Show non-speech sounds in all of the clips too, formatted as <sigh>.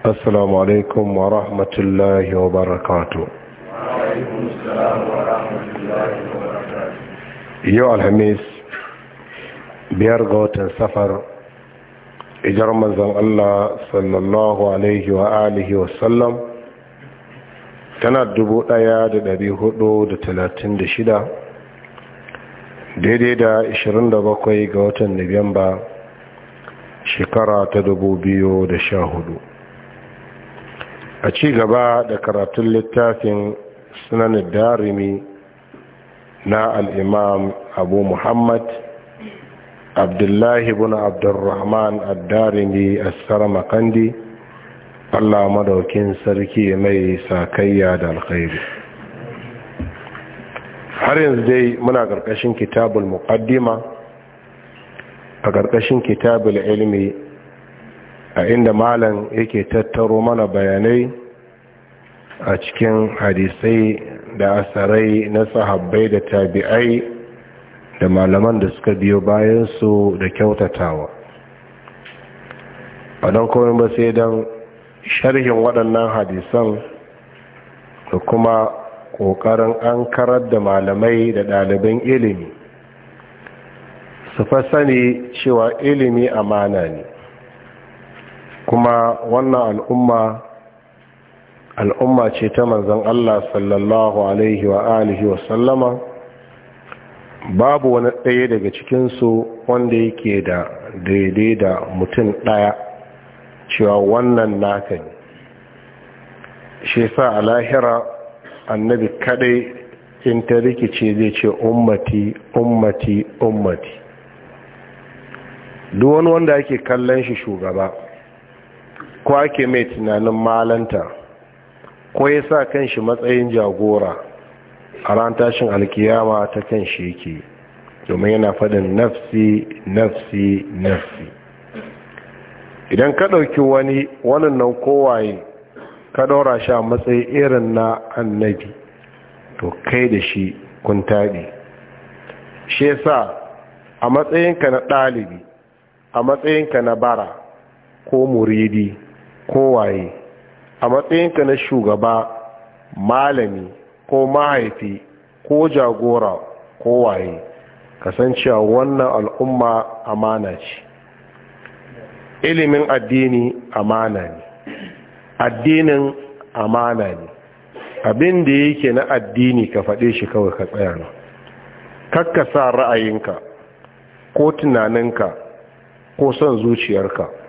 Assalamu alaikum wa rahmatullahi wa barakatu. Yau Alhamis, biyar ga watan safar, ijar manzan Allah sallallahu alaihi wa alihi wa sallam, tana dubu ɗaya da ɗari huɗu da talatin da shida, daidai da ishirin da bakwai ga watan Nabiyan ba, shekara ta dubu biyu da sha hudu. a ci gaba da karatun littafin sunanin darimi na al'imam abu muhammad abdullahi bin abdurrahman addarimi assar makandi allah madaukin sarki mai sakayya da alkhairi har yanzu dai muna ƙarƙashin kitabul muqaddima a ƙarƙashin kitabul ilmi a inda malam yake tattaro mana bayanai a cikin hadisai da asarai na sahabbai da tabi'ai da malaman da suka biyo bayansu da kyautatawa a don kawai ba sai don sharhin waɗannan hadisan da kuma ƙoƙarin an karar da malamai da ɗaliban ilimi su fa cewa ilimi amana ne kuma wannan al'umma al'umma ce ta manzan Allah sallallahu alaihi wa alihi wa sallama babu wani ɗaya daga cikinsu wanda yake da daidai da mutum ɗaya cewa wannan naka ne shi sa a lahira annabi kadai in ta rikice zai ce ummati ummati ummati duk wani wanda ake kallon shi shugaba ko ake mai tunanin malanta ko ya sa kan shi matsayin jagora a ran tashin alkiyama ta kan shi yake domin yana faɗin nafsi nafsi nafsi idan ka ɗauki wani wannan nan kowaye ka ɗora shi a matsayi irin na annabi to kai da shi kun taɗi shi sa a matsayinka na ɗalibi a matsayinka na bara ko muridi kowaye a matsayinka na shugaba malami ko mahaifi ko jagora kowaye kasancewa wannan al'umma amana ce ilimin addini amana ne addinin amana ne abin da yake na addini ka faɗe shi kawai ka tsaya na kakka sa ra'ayinka ko tunaninka ko son zuciyarka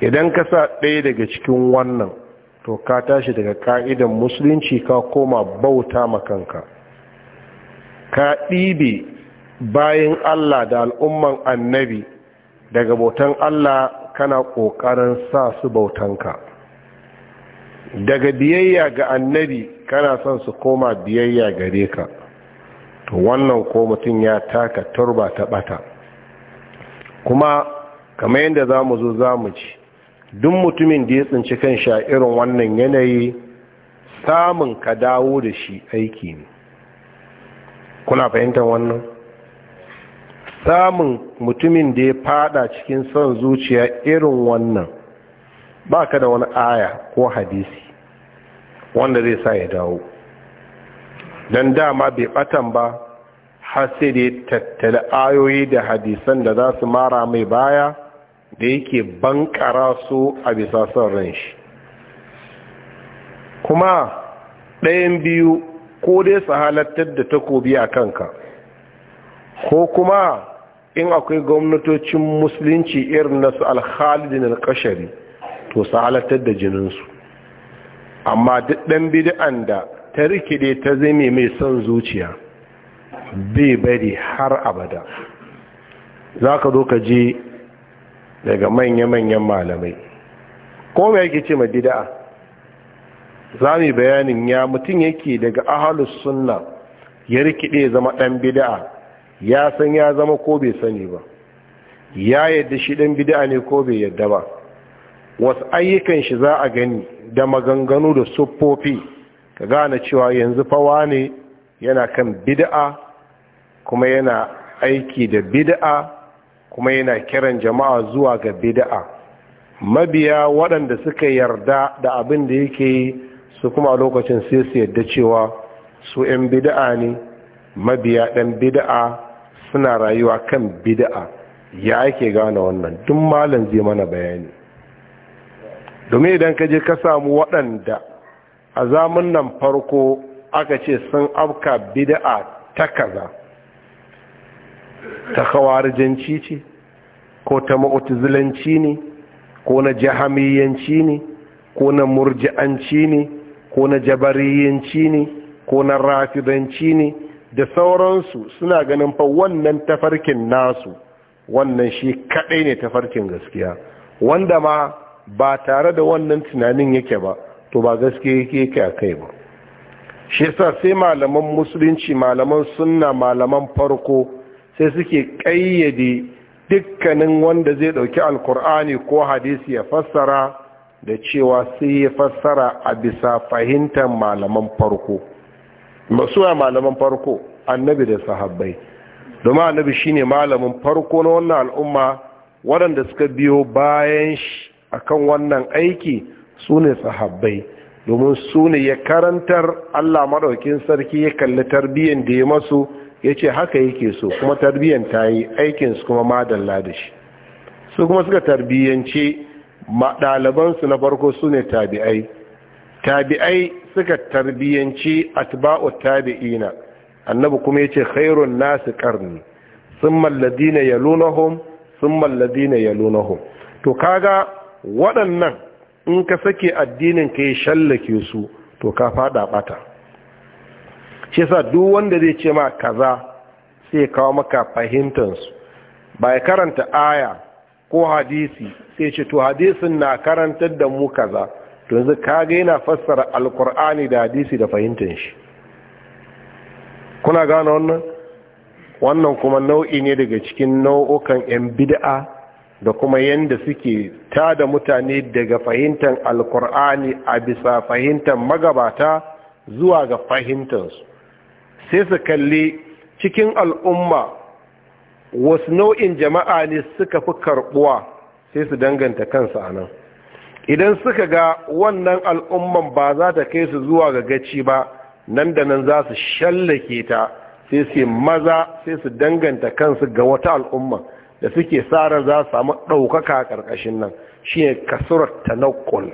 idan ka sa ɗaya daga cikin wannan to ka tashi daga ka'idan musulunci ka koma bauta makanka ka ɗibe bayan allah da al'umman annabi daga bautan allah kana ƙoƙarin sa su bautanka daga biyayya ga annabi kana son su koma biyayya gare ka to wannan ko mutum ya taka turba ta ɓata. kuma kamar yadda za mu zo za mu ci duk mutumin da ya tsinci kan sha irin wannan yanayi samun ka dawo da shi aiki ne kuna fahimtar wannan samun mutumin da ya fada cikin son zuciya irin wannan ba ka da wani aya ko hadisi wanda zai sa ya dawo don dama bai batan ba har sai da ya tattali ayoyi da hadisan da za su mara mai baya da yake bankara su a bisa son ran shi kuma ɗayan biyu ko dai su halattar da takobi a kanka ko kuma in akwai gwamnatocin musulunci irin na su alhalidin alkashari to su halattar da jininsu amma duk ɗan bid'an da ta rikide ta zame mai son zuciya bai bari har abada za ka zo ka je daga manya-manyan malamai ko me yake ce ma bid'a za mu yi bayanin ya mutum yake daga ahalus sunna ya rikide zama dan bida'a ya san ya zama ko bai sani ba ya yadda shi dan bida'a ne ko bai yadda ba wasu ayyukan shi za a gani da maganganu da siffofi ka gane cewa yanzu fawa ne yana kan bid'a kuma yana aiki da bid'a kuma yana kiran jama'a zuwa ga bid'a mabiya waɗanda suka yarda da abin da yake yi su kuma lokacin sai su yarda cewa su 'yan bid'a ne mabiya ɗan bid'a suna rayuwa kan bid'a ya ake gane wannan duk malam zai mana bayani domin idan ka je ka samu waɗanda a zamun nan farko aka ce sun afka bid'a ta kaza ta khawarijanci ce ko ta mu'tazilanci ne ko na jahamiyanci ne ko na murji'anci ne ko na jabariyanci ne ko na rafidanci ne da sauransu suna ganin fa wannan tafarkin nasu wannan shi kadai ne tafarkin gaskiya wanda ma ba tare da wannan tunanin yake ba to ba gaskiya yake yake a kai ba shi yasa sai malaman musulunci malaman sunna malaman farko sai suke ƙayyade dukkanin wanda zai ɗauki alkur'ani ko hadisi ya fassara da cewa sai ya fassara a bisa fahimtar malaman farko Masu ya malaman farko annabi da sahabbai domin annabi shine malamin farko na wannan al'umma waɗanda suka biyo bayan shi akan wannan aiki su ne sahabbai domin su ne ya karantar allah maɗaukin sarki ya kalli tarbiyyar da ya masu ya ce haka yake so kuma tarbiyyan ta yi aikinsu kuma madalla da shi su kuma suka tarbiyyance ɗalibansu na farko su ne tabi'ai tabi'ai suka tarbiyyance atba'u tabi'ina annabi kuma ya ce khairun nasu karni sun na yalunahum sun na yalunahum to kaga waɗannan in ka sake addinin ka yi shallake su to ka fada ɓata shi yasa duk wanda zai ce ma kaza sai kawo maka fahimtansu ba ya karanta aya ko hadisi sai ce to hadisin na karantar da mu kaza to yanzu kaga yana fassara alkur'ani da hadisi da fahimtar shi kuna gano wannan wannan kuma nau'i ne daga cikin nau'ukan 'yan bid'a da kuma yanda suke ta da mutane daga fahimtar alkur'ani a bisa fahimtar magabata zuwa ga fahimtansu. sai su kalli cikin al'umma wasu nau'in jama'a ne suka fi karɓuwa sai su danganta kansa a nan idan suka ga wannan al'umman ba za ta kai su zuwa ga gaci ba nan da nan za su shallake ta sai su maza sai su danganta kansu ga wata al'umma da suke tsara za su samu ɗaukaka a ƙarƙashin nan shi ne kasurar tanakul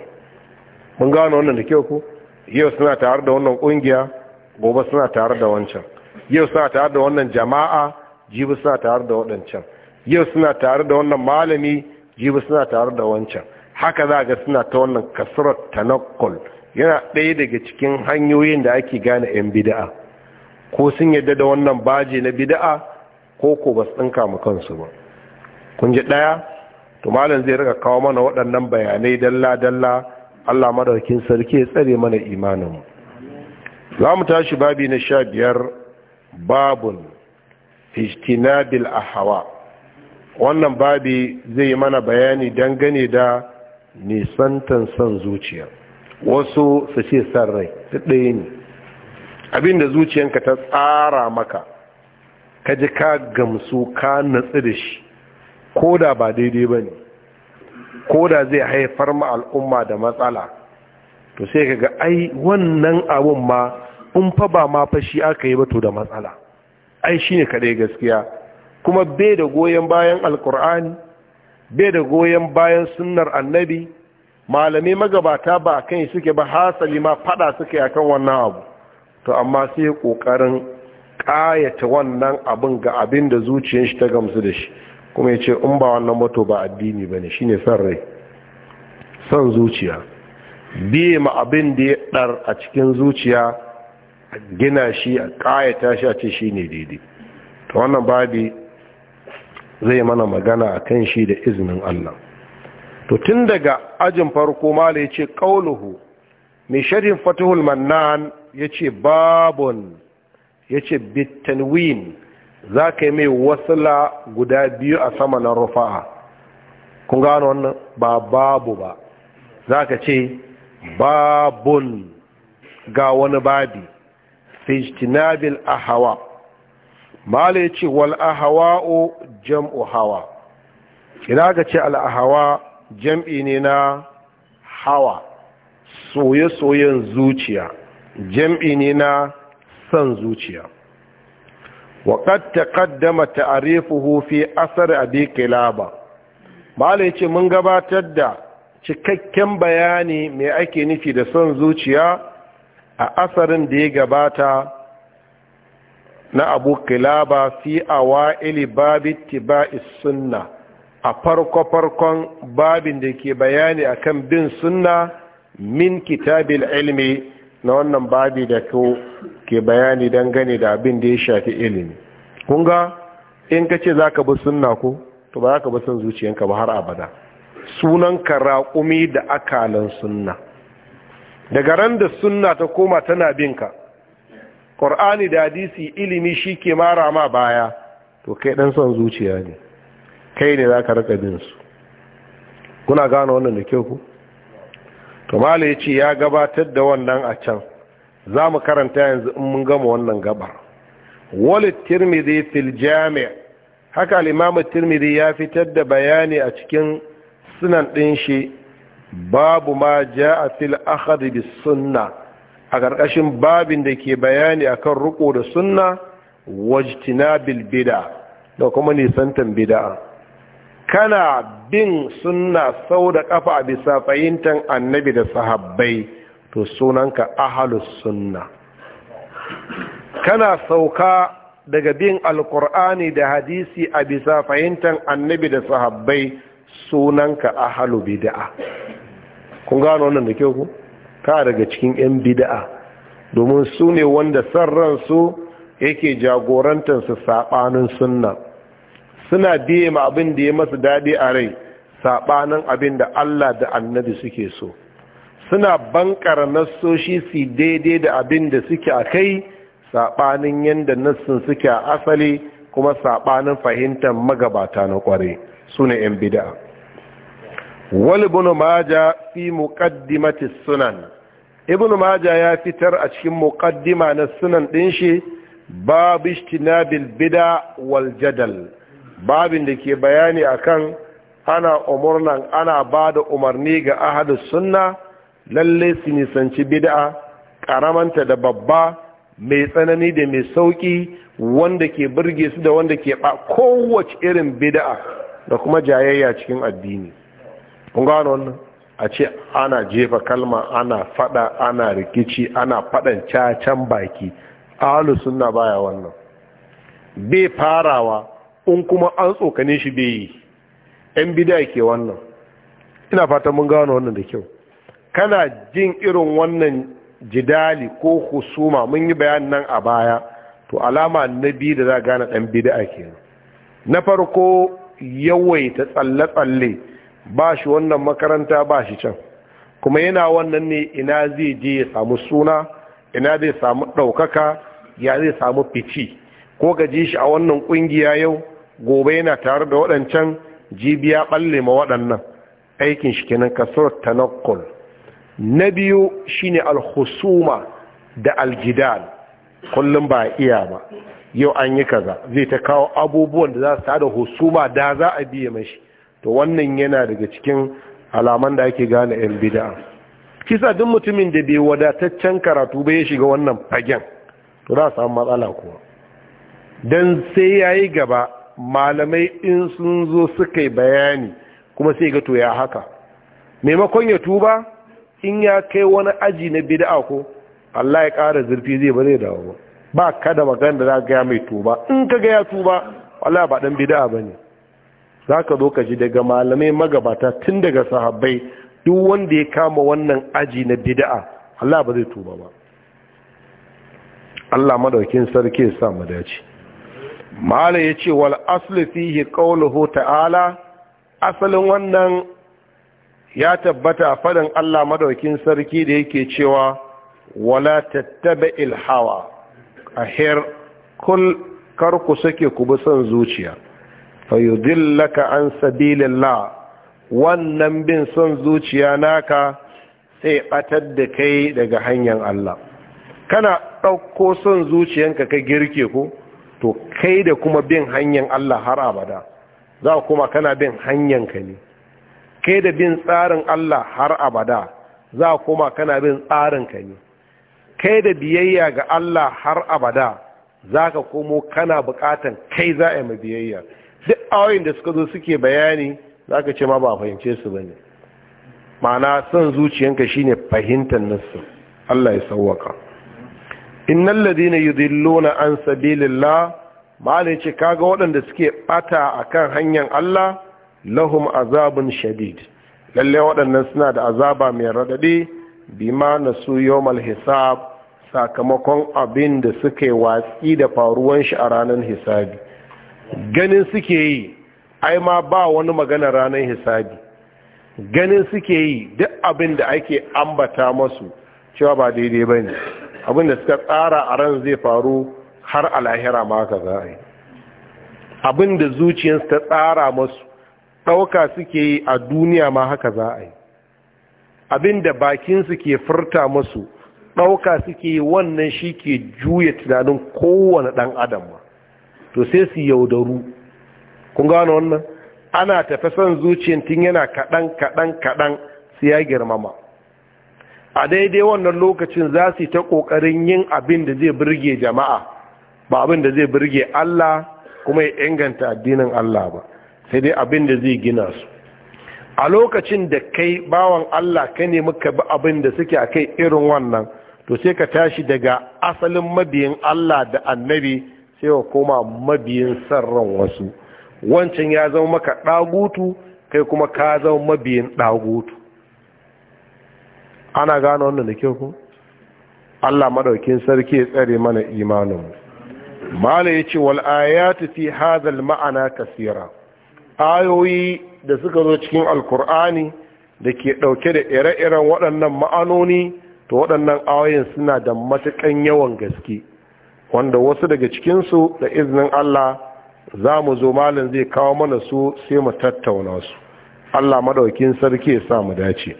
mun gano wannan da kyau ku yau suna tare da wannan ƙungiya gobe suna tare da wancan yau suna tare da wannan jama'a jibi suna tare da waɗancan yau suna tare da wannan malami jibi suna tare da wancan haka za ga suna ta wannan kasurar tanakkul yana ɗaya daga cikin hanyoyin da ake gane 'yan bida'a ko sun yadda da wannan baje na bida'a ko ko ba su ɗinka mu kansu ba kun ji ɗaya to malam zai rika kawo mana waɗannan bayanai dalla-dalla allah madaukin sarki ya tsare mana imaninmu za mu tashi babi na sha biyar babun a Hawa, wannan babi zai yi mana bayani dangane da nisantan son zuciya wasu su ce san rai su ɗaya ne abinda zuciyanka ta tsara maka ka ji ka gamsu ka natsu da shi ko da ba daidai ba ne ko da zai haifar ma al'umma da matsala to sai kaga ai wannan abun ma in fa ba ma fa shi aka yi ba to da matsala ai shine kadai gaskiya kuma bai da goyen bayan alkur'ani bai da goyen bayan sunnar annabi malamai magabata ba kan suke ba hasali ma fada suke kan wannan abu to amma sai kokarin kayata wannan abin ga abin da zuciyar shi ta gamsu da shi kuma ya ce in ba wannan mato ba addini ba ne shine son rai son zuciya biye ma abin da ya ɗar a cikin zuciya a gina shi a ƙayata shi a ce shi ne daidai ta wannan babi zai mana magana a kan shi da izinin Allah to tun daga ajin farko mala ya ce ƙauluhu mai shirin fatihul mannan ya ce babon ya ce bitanwin za ka yi mai wasila guda biyu a sama na rufa'a kun gano wannan ba babu ba za ka ce babun ga wani babi fijtinabil ahawa mala ya ce wal ahawa'u jam'u hawa ina ga ce al ahawa jam'i ne na hawa soye-soyen zuciya jam'i ne na son zuciya waƙad ta ƙaddama ta'arifuhu fi asar abi kilaba mala ya ce mun gabatar da cikakken bayani mai ake nufi da son zuciya a asarin da ya gabata na abu kilaba fi awa'ili babi tiba'i sunna a farko-farkon babin da ke bayani akan bin sunna min kitabil ilmi na wannan babi da ke bayani dangane da abin da ya shafi ilimi kunga in ka ce za ka bi sunna ko to ba za ka bi son zuciyanka ba har abada sunanka raƙumi da akalan sunna daga ran da sunna ta koma tana binka ƙor'ani da hadisi ilimi shi ke mara ma baya to kai ɗan son zuciya ne kai ne za ka raka binsu kuna gane wannan da kyau ku to ya ce ya gabatar da wannan a can za mu karanta yanzu in mun gama wannan gabar walid tirmidhi fil jami' haka al-imam tirmidhi ya fitar da bayani a cikin sunan ɗin shi babu ma ja a fil akhadi bis sunna a ƙarƙashin babin da ke bayani akan riƙo da sunna wajtinabil bid'a da kuma nisantan bid'a kana bin sunna sau da kafa a bisa fahimtar annabi da sahabbai to sunanka ahlus sunna kana sauka daga bin alkur'ani da hadisi a bisa fahimtar annabi da sahabbai sunanka ahalu bid'a kun gano wannan da kyau ku ka daga cikin yan bid'a domin su ne wanda san ransu yake jagorantar su sabanin sunna suna biye ma abin da ya masu daɗi a rai sabanin abin da Allah da Annabi suke so suna bankara nassoshi su daidai da abin da suke a kai saɓanin yadda nassin suke a asali kuma saɓanin fahimtar magabata na ƙwarai su ne 'yan bida'a wal ibn maja fi muqaddimati sunan ibn maja ya fitar a cikin muqaddima na sunan din shi babu istinabil bid'a wal jadal babin da ke bayani akan ana umurnan ana bada umarni ga ahadus sunna lalle su nisanci bid'a karamanta da babba mai tsanani da mai sauki wanda ke burge su da wanda ke ba kowace irin bid'a da kuma jayayya cikin addini kun wannan a ce ana jefa kalma ana fada ana rikici ana fadan cacan baki alu sunna baya wannan bai farawa in kuma an tsokane shi bai yi yan bid'a ke wannan ina fata mun gano wannan da kyau kana jin irin wannan jidali ko husuma mun yi bayan nan a baya to alama na biyu da za gane dan bid'a kenan na farko yawaita tsalle-tsalle ba shi wannan makaranta ba shi can kuma yana wannan ne ina zai je ya samu suna ina zai samu ɗaukaka ya zai samu fici ko gaji shi a wannan ƙungiya yau gobe yana tare da waɗancan jibiya ɓalle ma waɗannan aikin shi kenan kasar tanakul na biyu shine alhusuma da aljidal kullum ba iya ba yau an yi kaza zai ta kawo abubuwan da za su da husuma da za a biye mashi to wannan yana daga cikin alaman da ake gane yan bid'a kisa duk mutumin da bai wadataccen karatu ba ya shiga wannan fagen to za su samu matsala kuwa dan sai yayi gaba malamai in sun zo suka yi bayani kuma sai ga to ya haka maimakon ya tuba in ya kai wani aji na bid'a ko Allah ya ƙara zurfi zai ba zai dawo ba ba ka magana da za ga mai tuba in ka ga ya tuba Allah ba dan bid'a bane za ka zo ka ji daga malamai magabata tun daga sahabbai duk wanda ya kama wannan aji na bida'a Allah ba zai tuba ba Allah madaukin sarki ya sa mu dace mala yace wal aslu fihi qawluhu ta'ala asalin wannan ya tabbata faɗin Allah madaukin sarki da yake cewa wala tattabi'il hawa ahir kul kar ku sake ku bi son zuciya fayudillaka an sabilillah wannan bin son zuciya naka sai batar da kai daga hanyar Allah kana ɗauko son zuciyanka ka girke ko to kai da kuma bin hanyar Allah har abada za kuma kana bin ka ne kai da bin tsarin Allah har abada za kuma kana bin tsarinka ne kai da biyayya ga Allah har abada za ka komo kana bukatan kai za a yi biyayya duk awayin da suka zo suke bayani za ka ce ma ba fahimce su ba ne ma'ana son zuciyanka shine fahimtar nasu. Allah ya sauwaka innal ladina na an ma ne ce kaga waɗanda suke ɓata a kan hanyar Allah lahum azabun shadid lalle waɗannan suna da azaba mai radadi bima nasu yawmal hisab sakamakon abin da suke watsi da faruwan shi a ranar hisabi ganin suke yi ai ma ba wani magana ranar hisabi ganin suke yi duk abin da ake ambata masu cewa ba daidai ba ne abin da suka tsara a ran zai faru har alahira ma ka za a yi abin da zuciyarsu ta tsara masu ɗauka suke yi a duniya ma haka za a yi abin da bakinsu ke furta masu ɗauka suke yi wannan shi ke juya tunanin kowane ɗan adam ba to sai su yaudaru kun gano wannan ana tafi son zuciyan tun yana kaɗan kaɗan kaɗan su ya girmama a daidai wannan lokacin za su yi ta ƙoƙarin yin abin da zai birge jama'a ba abin da zai birge Allah kuma ya inganta addinin Allah ba sai dai abin da zai gina su a lokacin da kai bawan Allah ka ne muka bi abin da suke a kai irin wannan to sai ka tashi daga asalin mabiyin Allah da annabi sai koma mabiyin sarran wasu wancan ya zama maka ɗagutu kai kuma ka zama mabiyin ɗagutu ana gano wannan da kyau ku Allah madaukin sarki ya tsare mana imaninmu mala ya ce wal ayatu fi hadhal ma'ana kasira ayoyi da suka zo cikin alkur'ani da ke ɗauke da ire-iren waɗannan ma'anoni to waɗannan ayoyin suna da matuƙan yawan gaske wanda wasu daga cikinsu da izinin Allah za mu zo malin zai kawo mana su sai mu tattauna su Allah madaukin sarki ya sa mu dace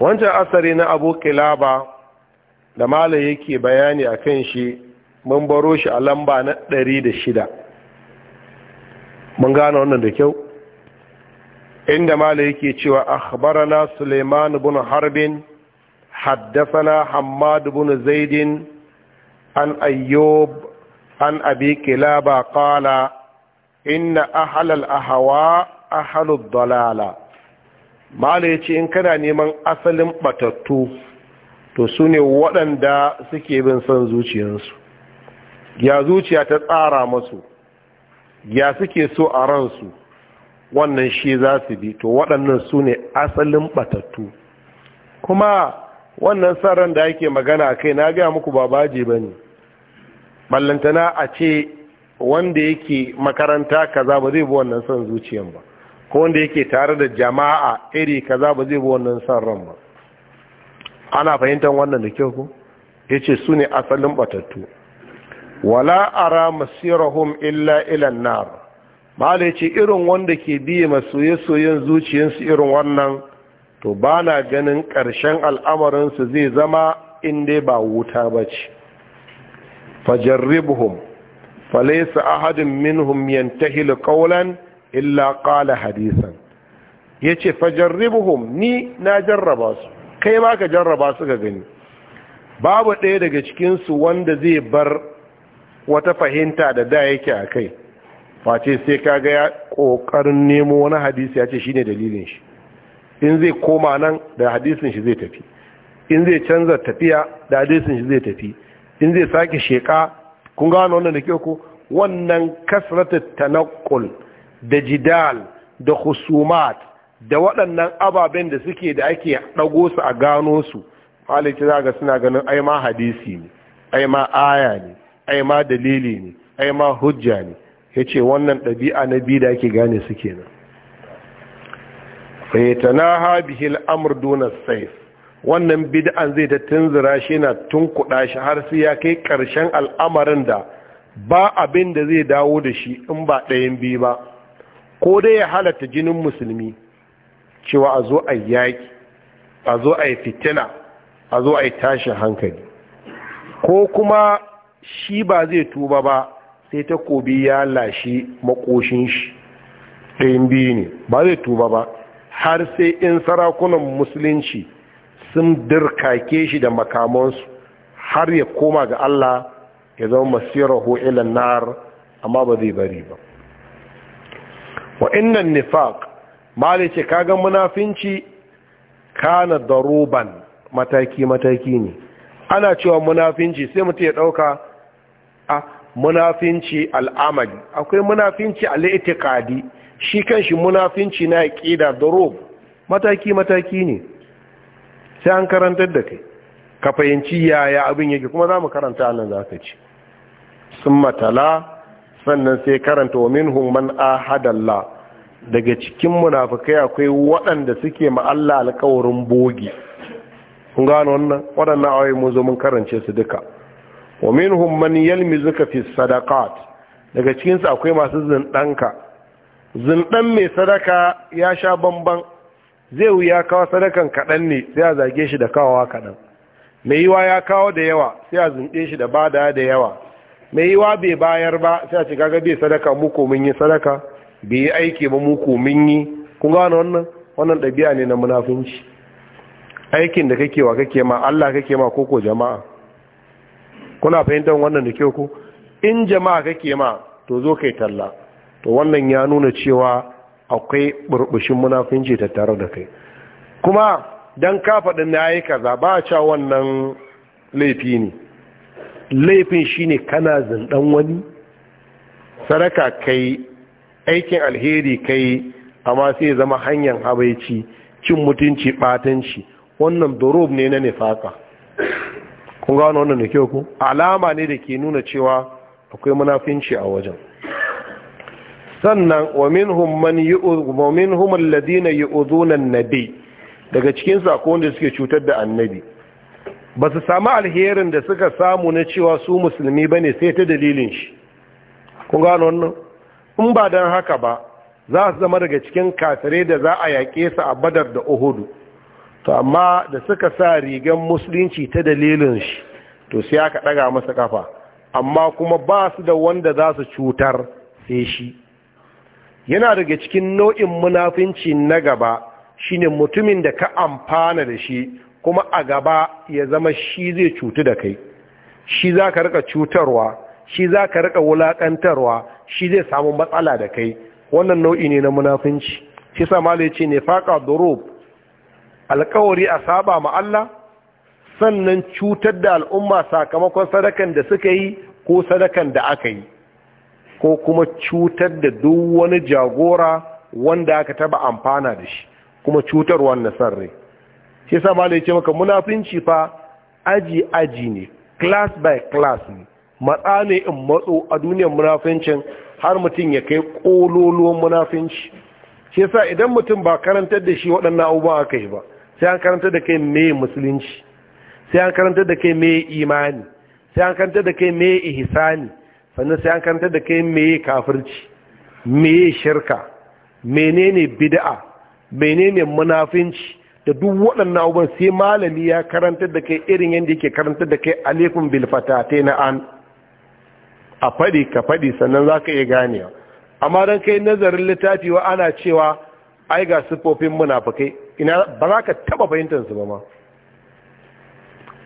wancan asari na abu kilaba da malam yake bayani akan kan shi mun baro shi a lamba na ɗari da shida. mun gane wannan da kyau inda mala yake cewa akhbarana suleiman ibn harbin haddathana hammad ibn zaidin an ayyub an abi kilaba qala inna ahlal ahwa ahlud dalala mala yace in kana neman asalin batattu to su ne waɗanda suke bin son zuciyarsu ya zuciya ta tsara masu ya suke so a ransu wannan shi za su bi to waɗannan su ne asalin batattu kuma wannan ran da ake magana a kai na gaya muku ba baje ba ne ballantana a ce wanda yake makaranta kaza ba zai bi wannan son zuciyan ba ko wanda yake tare da jama'a iri kaza ba zai bi wannan son ran ba ana fahimtar wannan da kyau ku. Ya ce su ne asalin batattu wala ara masirahum illa ila nar mala ce irin wanda ke biye masoye soyen zuciyansu irin wannan to ba na ganin ƙarshen al'amarinsu zai zama inda ba wuta ba ce fajarribhum falaisa ahadin minhum ta qawlan illa qala hadisan yace fajarribhum ni na jarraba su kai ma ka jarraba su ga gani babu ɗaya daga cikin su wanda zai bar wata fahimta da da yake a kai face sai kaga ya ƙoƙarin nemo wani hadisi ya ce shine dalilin shi in zai koma nan da hadisin shi zai tafi in zai canza tafiya da hadisin shi zai tafi in zai sake sheka kun gano wannan da ke ku wannan kasrata tanakul da jidal da husumat da waɗannan ababen da suke da ake ɗago su a gano su malaki za ga suna ganin ai ma hadisi ne ai ma aya ne ai ma dalili ne ai ma hujja ne ya ce wannan ɗabi'a na biyu da ake gane su kenan fayyatanaha bihil amur duna saif wannan bid'an zai ta tunzura shi na tunkuɗa shi har sai ya kai ƙarshen al'amarin da ba abin da zai dawo da shi in ba ɗayan biyu ba ko dai ya halatta jinin musulmi cewa a zo a yaƙi a zo a yi fitina a zo a yi tashin hankali ko kuma shi ba zai tuba ba sai ta takobi ya lashe makoshin shi ɗayan biyu ne ba zai tuba ba har sai in sarakunan musulunci sun dirkake shi da makamansu har ya koma ga Allah ya zama masirar ila nar amma ba zai bari ba wa innan nifaq malice kaga munafinci kana daruban mataki mataki ne ana cewa munafinci sai mutum ya ɗauka a ah, munafinci al'amali akwai munafinci al'itikadi shi kanshi munafinci na da durub mataki mataki ne sai an karantar da kai ka fahimci yaya abin yake kuma za mu karanta za ka ci Sun matala sannan sai karanta wa minhum a ahadalla daga cikin munafikai akwai waɗanda suke ma'alla alkawarin alƙawarin bogi kun gano wannan waɗannan awai mun zo mun karance su duka wa minhum yalmi zuka fi sadakat, daga cikinsu akwai masu zinɗanka. zunɗan mai sadaka ya sha bamban zai wuya kawo sadakan kaɗan ne sai a zage shi da kawowa kaɗan mai yiwa ya kawo da yawa sai a zunɗe shi da bada da yawa mai yiwa bai bayar ba sai a ce kaga bai sadaka muku mun yi sadaka bai yi aiki ba muku mun yi kun gano wannan wannan ɗabi'a ne na munafunci aikin da kake wa kake ma Allah kake ma koko jama'a kuna fahimtar wannan da kyau ku in jama'a kake ma to zo kai talla to wannan ya nuna cewa akwai burbushin munafinci tare da kai kuma don ka faɗin na yi kaza ba a cewa wannan laifi ne laifin shine kana zindan wani sadaka kai aikin alheri kai amma sai zama hanyar habaici cin mutunci batanci wannan durub ne na nifaka kun gano wannan da kyau ku alama ne da ke nuna cewa akwai munafinci a wajen sannan wa minhum man yu'udhu minhum nabi daga cikin sako da suke cutar da annabi ba su samu alherin da suka samu na cewa su musulmi ba ne sai ta dalilin shi kun gano wannan in ba don haka ba za su zama daga cikin katare da za a yaƙe su a badar da uhudu to amma da suka sa rigan musulunci ta dalilin shi to sai aka ɗaga masa kafa amma kuma ba su da wanda za su cutar sai shi yana daga cikin nau'in munafinci na gaba shine mutumin da ka amfana da shi kuma a gaba ya zama shi zai cutu da kai shi za ka rika cutarwa shi za ka rika wulaƙantarwa shi zai samu matsala da kai wannan nau'i ne na munafinci shi sa malai ce ne faƙa durub alƙawari a saba ma Allah sannan cutar da al'umma sakamakon sadakan da suka yi ko sadakan da aka yi ko kuma cutar da duk wani jagora wanda aka taba amfana da shi kuma cutar na san rai shi yasa malai ce maka munafinci fa aji aji ne class by class ne matsa ne in matso a duniyar munafincin har mutum ya kai kololuwan munafinci shi sa idan mutum ba karantar da shi waɗannan abubuwan aka yi ba sai an karantar da kai me musulunci sai an karantar da kai me imani sai an karantar da kai me ihsani sannan sai an karanta da kai meye kafirci meye shirka menene bid'a menene munafinci da duk waɗannan abubuwan sai malami ya karanta da kai irin yadda yake karanta da kai alifin bilfata ta na an a faɗi ka faɗi sannan za ka iya ganewa amma don kai nazarin littafi wa ana cewa ai ga siffofin munafukai ina ba za ka taɓa fahimtar su ba ma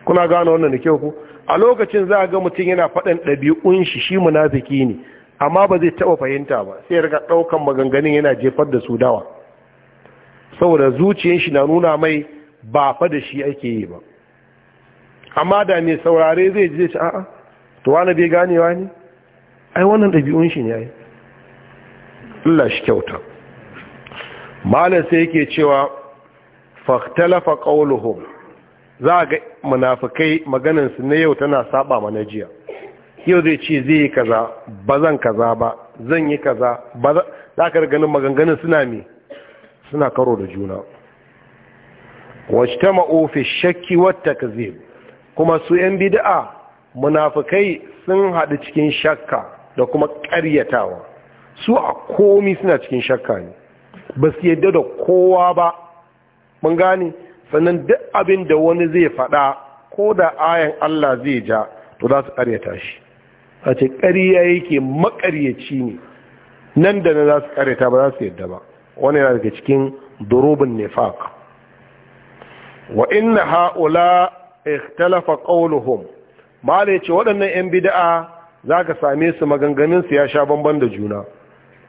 kuna gano wannan da kyau ku a lokacin za a ga mutum yana faɗin ɗabi'un shi shi munafiki ne amma ba zai taɓa fahimta ba sai rika ɗaukan maganganun yana jefar da su dawa saboda zuciyar shi na nuna mai ba fa da shi ake yi ba amma da mai saurare zai ji zai a'a to wani bai ganewa ne ai wannan ɗabi'un shi ne ai Allah shi kyauta malam sai yake cewa fa fahtalafa qawluhum za a ga munafukai maganansu na yau tana saba mana jiya yau zai ce zai yi kaza ba zan kaza ba zan yi kaza ba za ka ganin maganganun suna me suna karo da juna wacce ta ofis shakki wata kazib kuma su yan bida'a munafukai sun haɗu cikin shakka da kuma karyatawa su a komi suna cikin shakka ne ba su yadda da kowa ba mun gane sannan duk abin da wani zai faɗa ko da ayan Allah zai ja to za su ƙaryata shi a ce ƙarya yake maƙaryaci ne nan da na za su ƙaryata ba za su yadda ba wani yana daga cikin durubin nefak wa inna ha'ula ikhtalafa qawluhum ya yace waɗannan yan bid'a zaka same su maganganun su ya sha bamban da juna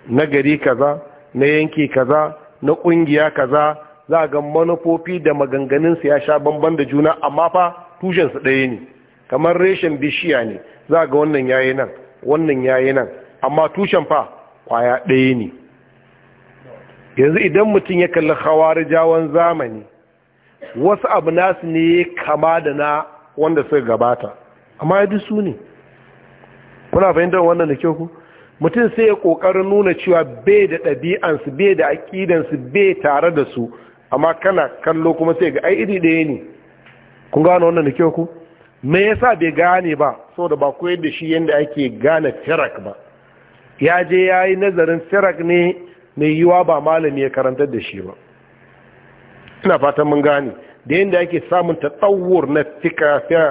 na gari kaza na yanki kaza na ƙungiya kaza za ga manufofi da maganganunsu ya sha bamban da juna amma fa tushensu ɗaya ne kamar reshen bishiya ne za ga wannan yayi nan wannan yayi nan amma tushen fa kwaya ɗaya ne yanzu idan mutum ya kalli jawon zamani wasu abu nasu ne kama da na wanda suka gabata amma ya su ne kuna fahimtar wannan da kyau ku mutum sai ya kokarin nuna cewa bai da ɗabi'ansu bai da aƙidansu bai tare da su amma kana kallo kuma sai ga ai ɗaya ne kun gano wannan da kyau ku me yasa bai gane ba saboda ba koyar da shi yadda ake gane firak ba ya je ya yi nazarin firak ne mai yiwa ba malami ya karantar da shi ba ina fatan mun gane da yadda ake samun tatsawur na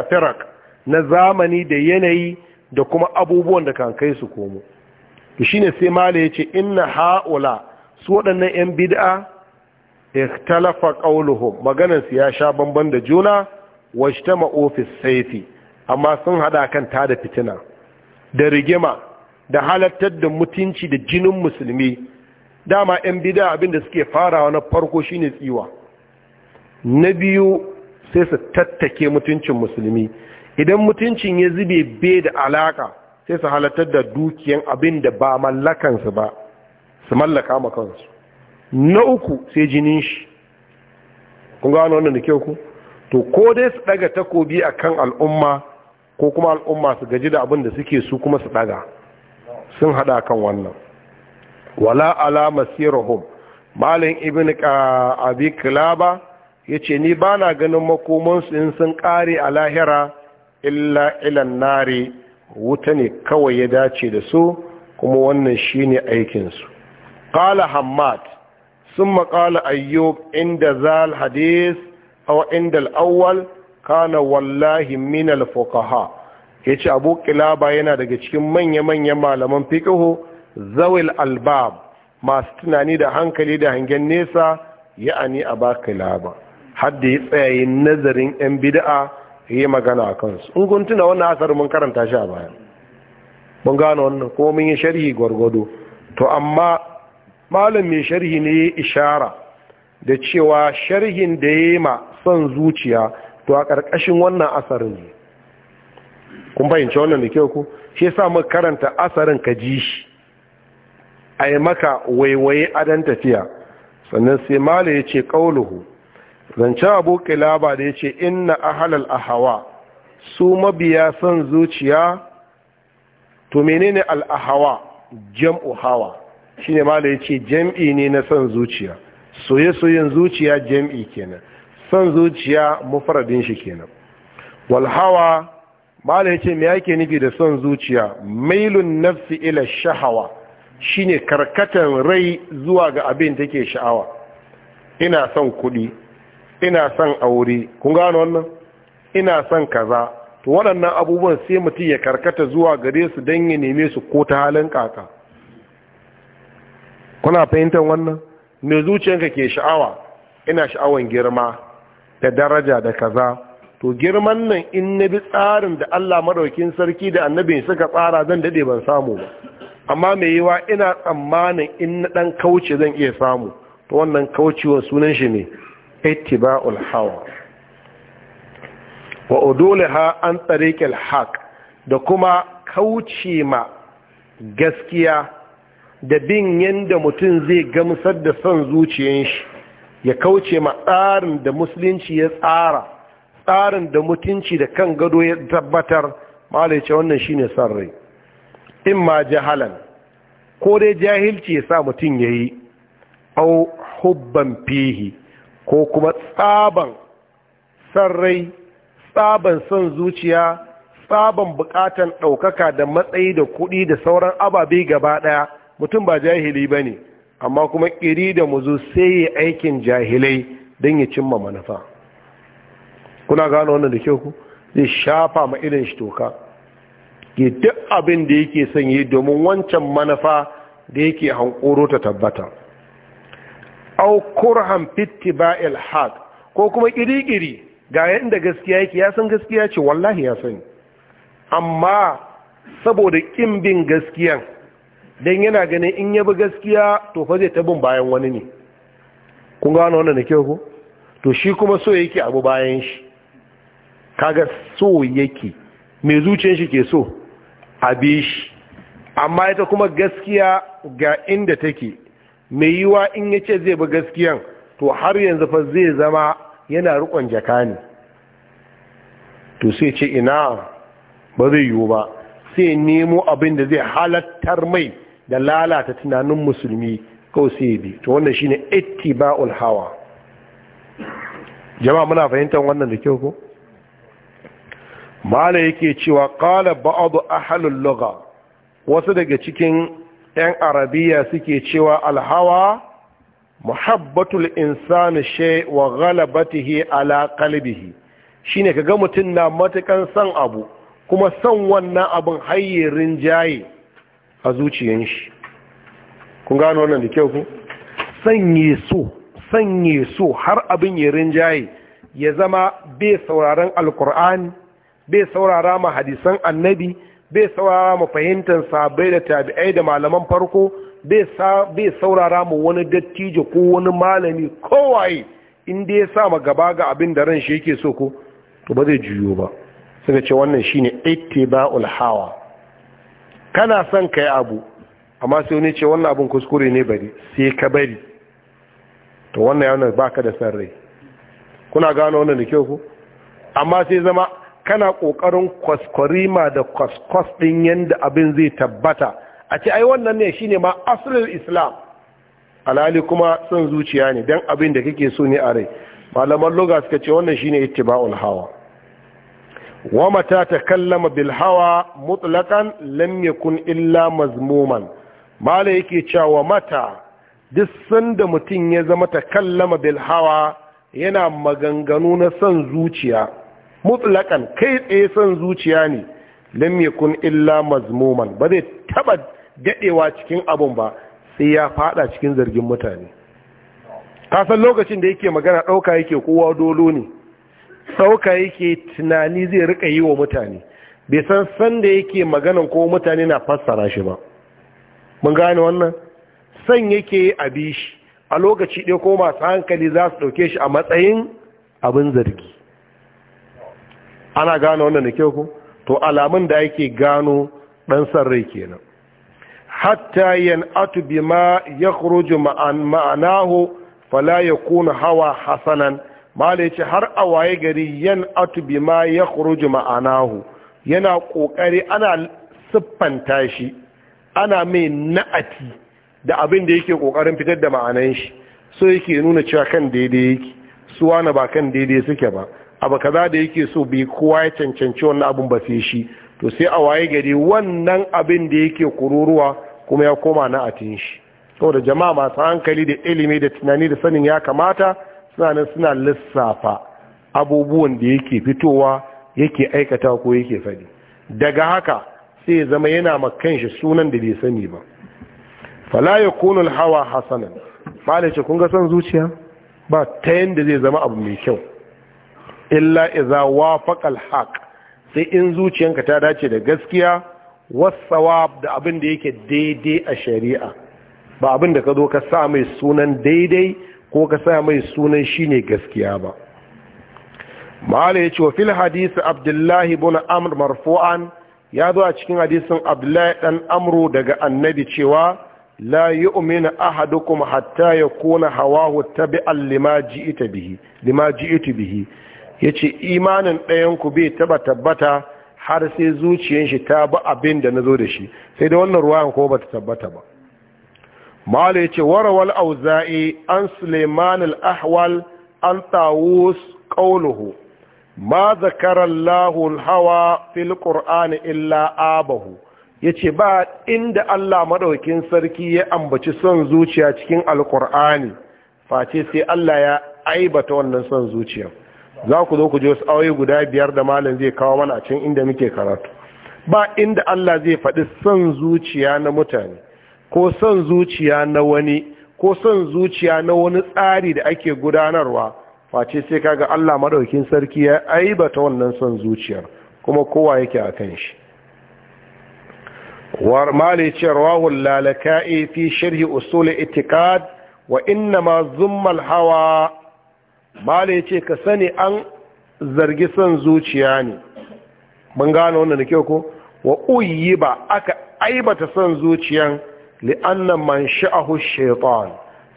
tirak na zamani da yanayi da kuma abubuwan da kan kai su komo shi shine sai mala ya ce inna ha'ula su waɗannan 'yan bid'a ikhtalafa qawluhum maganar su ya sha bamban da juna wajtama'u fi sayfi amma sun hada kan ta da fitina da rigima da halattar da mutunci da jinin musulmi dama yan bida abinda suke farawa na farko shine tsiwa na biyu sai su tattake mutuncin musulmi idan mutuncin ya zube be da alaka sai su halattar da dukiyan abin da ba mallakansu ba su mallaka ma kansu na uku sai jinin shi kun gano wannan da kyau ku to ko dai su daga takobi akan al'umma ko kuma al'umma su gaji da abin da suke su kuma su daga sun hada kan wannan wala ala masirahum malin ibn abi kilaba yace ni bana ganin makoman su in sun kare a lahira illa ilan nari wuta ne kawai ya dace da su kuma wannan shine aikin su qala hammad sun maƙala ayyub inda zal hadis awa inda al'awwal kana wallahi min al-fuqaha ce abu ƙilaba yana daga cikin manya-manyan malaman fiqhu zawil albab masu tunani da hankali da hangen nesa ya'ani ba ƙilaba. hadda ya tsaye nazarin yan bida'a yi magana a kansu in kun tuna wannan asar mun karanta shi a baya mun gano wannan ko mun yi sharhi gwargwado to amma malam mai sharhi ne ya ishara da cewa sharhin da ya ma son zuciya to a ƙarƙashin wannan asarin ne kun fahimci wannan da kyau ku shi sa mu karanta asarin ka ji shi a yi maka waiwaye adan tafiya sannan sai malam ya ce ƙauluhu zancen abu kilaba da ya ce inna a hawa su mabiya son zuciya to menene al'ahawa jam'u hawa Shin mala ce jam'i ne na son zuciya soye-soyen zuciya jam'i kenan son zuciya mafaradin shi kenan Walhawa mala ya ce mai yake nufi da son zuciya mailun nafsi ila shahawa ne karkatan rai zuwa ga abin ke sha'awa ina son kuɗi ina son aure kun gano wannan ina son kaza to waɗannan abubuwan sai mutum ya karkata zuwa gare su don ya neme su ko ta halin kaka kuna fahimtar wannan me zuciyanka ke sha'awa ina sha'awan girma da daraja da kaza to girman nan in na bi tsarin da Allah madaukin sarki da annabi suka tsara zan dade ban samu ba amma mai yiwa ina tsammanin in na dan kauce zan iya samu to wannan kaucewa sunan shi ne ittiba'ul hawa wa udulaha an tariqil haq da kuma kauce ma gaskiya da bin yadda mutum zai gamsar da son zuciyar shi ya kauce ma tsarin da musulunci ya tsara tsarin da mutunci da kan gado ya tabbatar malice wannan shine son rai in ma jahalan ko dai jahilci ya sa mutum ya yi au hubban fihi ko kuma tsaban son rai tsaban son zuciya tsaban bukatan ɗaukaka da matsayi da kuɗi da sauran ababe gaba ɗaya mutum ba jahili ba ne amma kuma ƙiri da muzu sai yi aikin jahilai don ya cimma manufa kuna gano wannan da kyau ku zai shafa ma irin shi toka ke duk abin da yake son domin wancan manufa da yake hankoro ta tabbata au kurhan fiti ba'il haq ko kuma ƙiri-ƙiri ga yadda gaskiya yake ya san gaskiya ce wallahi ya sani amma saboda ƙimbin gaskiyan don yana ganin in yabi gaskiya to fa zai tabin bayan wani ne kun gano wannan da kyau ku to shi kuma so yake abu bayan shi kaga so yake mai zuciyar shi ke so abi shi amma ita kuma gaskiya ga inda take mai yiwa in yace zai bi gaskiyan to har yanzu fa zai zama yana rikon jaka ne to sai ce ina ba zai yiwu ba sai nemo abin da zai halattar mai da lalata tunanin musulmi kawai sai bi to wannan shine ittiba'ul hawa jama'a muna fahimtar wannan da kyau ko mala yake cewa qala ba'adu ahlul lugha wasu daga cikin yan arabiya suke cewa alhawa muhabbatul insani shay wa ghalabatihi ala qalbihi shine kaga mutun na matukan san abu kuma san wannan abun hayyirin jayi. a zuciyan shi kun gano wannan da kyau ku sanye so sanye so har abin ya rinjaye ya zama bai sauraron alkur'ani bai saurara ma hadisan annabi bai saurara ma fahimtar sabai da tabi'ai da malaman farko bai saurara ma wani dattijo ko wani malami kowaye inda ya sa ma gaba ga abin da ran shi yake so ko ba zai juyo ba suka ce wannan shine ittiba'ul hawa kana son ka yi abu amma sai wani ce wannan abin kuskure ne bari sai ka bari to wannan yawon ba ka da san rai kuna gano wannan da kyau ku amma sai zama kana ƙoƙarin kwaskwarima da kwaskwas ɗin yadda abin zai tabbata a ce ai wannan ne shine ma asirin islam alhali kuma son zuciya ne don abin da kake so ne a rai malaman loga suka ce wannan shine ittiba'ul hawa Wamata ta takallama bil hawa mutlaqan lam yakun illa mazmuman mala yake cewa mata duk sanda mutum ya zama takallama bil hawa yana maganganu na son zuciya mutlaqan kai tsaye son zuciya ne lam yakun illa mazmuman ba zai taba dadewa cikin abun ba sai ya fada cikin zargin mutane kasan lokacin da yake magana dauka yake kowa dolo ne sauka yake tunani zai rika yi wa mutane bai san sanda yake maganan ko mutane na fassara shi ba mun gane wannan san yake abi shi a lokaci ɗaya ko masu hankali za su ɗauke shi a matsayin abin zargi ana gano wannan da kyau ko to alamun da ake gano ɗan san rai kenan hatta yan atu ma ya ma'anahu fala ya kuna hawa hasanan mala ya har a waye gari yan atubi ma ya kuruji ma'anahu yana ƙoƙari ana siffanta shi ana mai na'ati da abin da yake ƙoƙarin fitar da ma'anan shi so yake nuna cewa kan daidai yake suwa na ba kan daidai suke ba abu kaza da yake so bai kowa ya cancanci wannan abin ba sai shi to sai a waye gari wannan abin da yake kururuwa kuma ya koma na'atin shi saboda jama'a masu hankali da ilimi da tunani da sanin ya kamata suna suna lissafa abubuwan da yake fitowa yake aikata ko yake faɗi daga haka sai zama yana makan shi sunan da bai sani ba fala ya kunul hawa hasanan malice kun ga san zuciya ba ta yanda zai zama abu mai kyau illa iza wafaqal haq sai in zuciyanka ta dace da gaskiya wasawab da abin da yake daidai a shari'a ba abin da ka zo ka sa mai sunan daidai ko ka sa mai sunan shi ne gaskiya ba mala ya ce wa fil hadisi abdullahi bin amr marfu'an ya zo a cikin hadisin abdullahi dan amru daga annabi cewa la yu'minu ahadukum hatta yakuna hawahu tabi'an lima ji'ita bihi lima ita bihi yace imanin ɗayan ku bai taba tabbata har sai zuciyar shi ta bi abin da nazo da shi sai da wannan ruwan ko bata tabbata ba mala yace warawal auza'i an suleiman al-ahwal an tawus qawluhu ma zakara hawa fil illa abahu yace ba inda Allah maɗaukin sarki ya ambaci son zuciya cikin Alƙur'ani, face sai Allah ya aibata wannan son zuciya za ku zo ku je wasu aure guda biyar da malam zai kawo mana a cikin inda muke karatu ba inda Allah zai faɗi son zuciya na mutane ko son zuciya na wani ko son zuciya na wani tsari da ake gudanarwa face sai kaga Allah madaukin sarki ya aibata wannan son zuciyar kuma kowa yake a kan shi war mali ce lalaka'i fi sharhi usul itiqad wa inna ma zummal hawa mali ka sani an zargi son zuciya ne mun gane wannan da kyau ko wa uyiba aka aibata son zuciyan li'anna man sha'ahu shaitan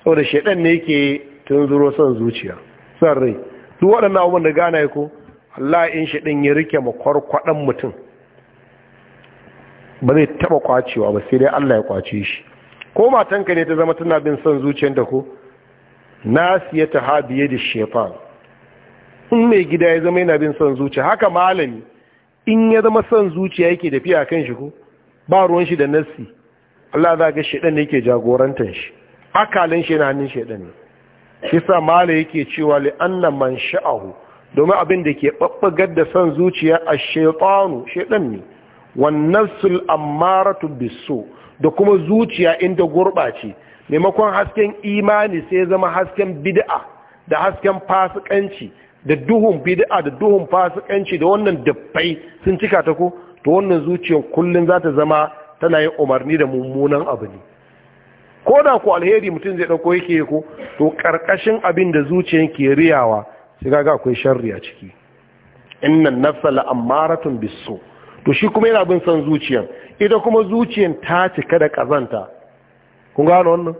saboda shaitan ne yake zuro son zuciya son rai duk waɗannan abubuwan da gana ko Allah in din ya rike makwarkwaɗan mutum ba zai taɓa kwacewa ba sai dai Allah ya kwace shi ko matanka ne ta zama tana bin son ta ko ya ta habiye da shaitan in mai gida ya zama yana bin son zuciya haka malami in ya zama son zuciya yake tafiya kan shi ko ba ruwan shi da nassi Allah za ga shedan ne yake jagorantar shi akalin shi na hannun shedan ne shi sa mala yake cewa li na man sha'ahu domin abin da ke ɓaɓɓagar da son zuciya a shaytanu shedan ne Wannan nafsul ammaratu bisu da kuma zuciya inda gurɓace, maimakon hasken imani sai zama hasken bid'a da hasken fasikanci da duhun bid'a da duhun fasikanci da wannan dabbai sun cika ta ko to wannan zuciyar kullum za ta zama tana yin umarni da mummunan abu ne ko da ku alheri mutum zai ɗauko yake ko to ƙarƙashin abin da zuciyar ke riyawa sai ga akwai sharri a ciki innan nafsa la'ammaratun bisso. to shi kuma yana bin son zuciyan ita kuma zuciyan ta cika da ƙazanta kun gano wannan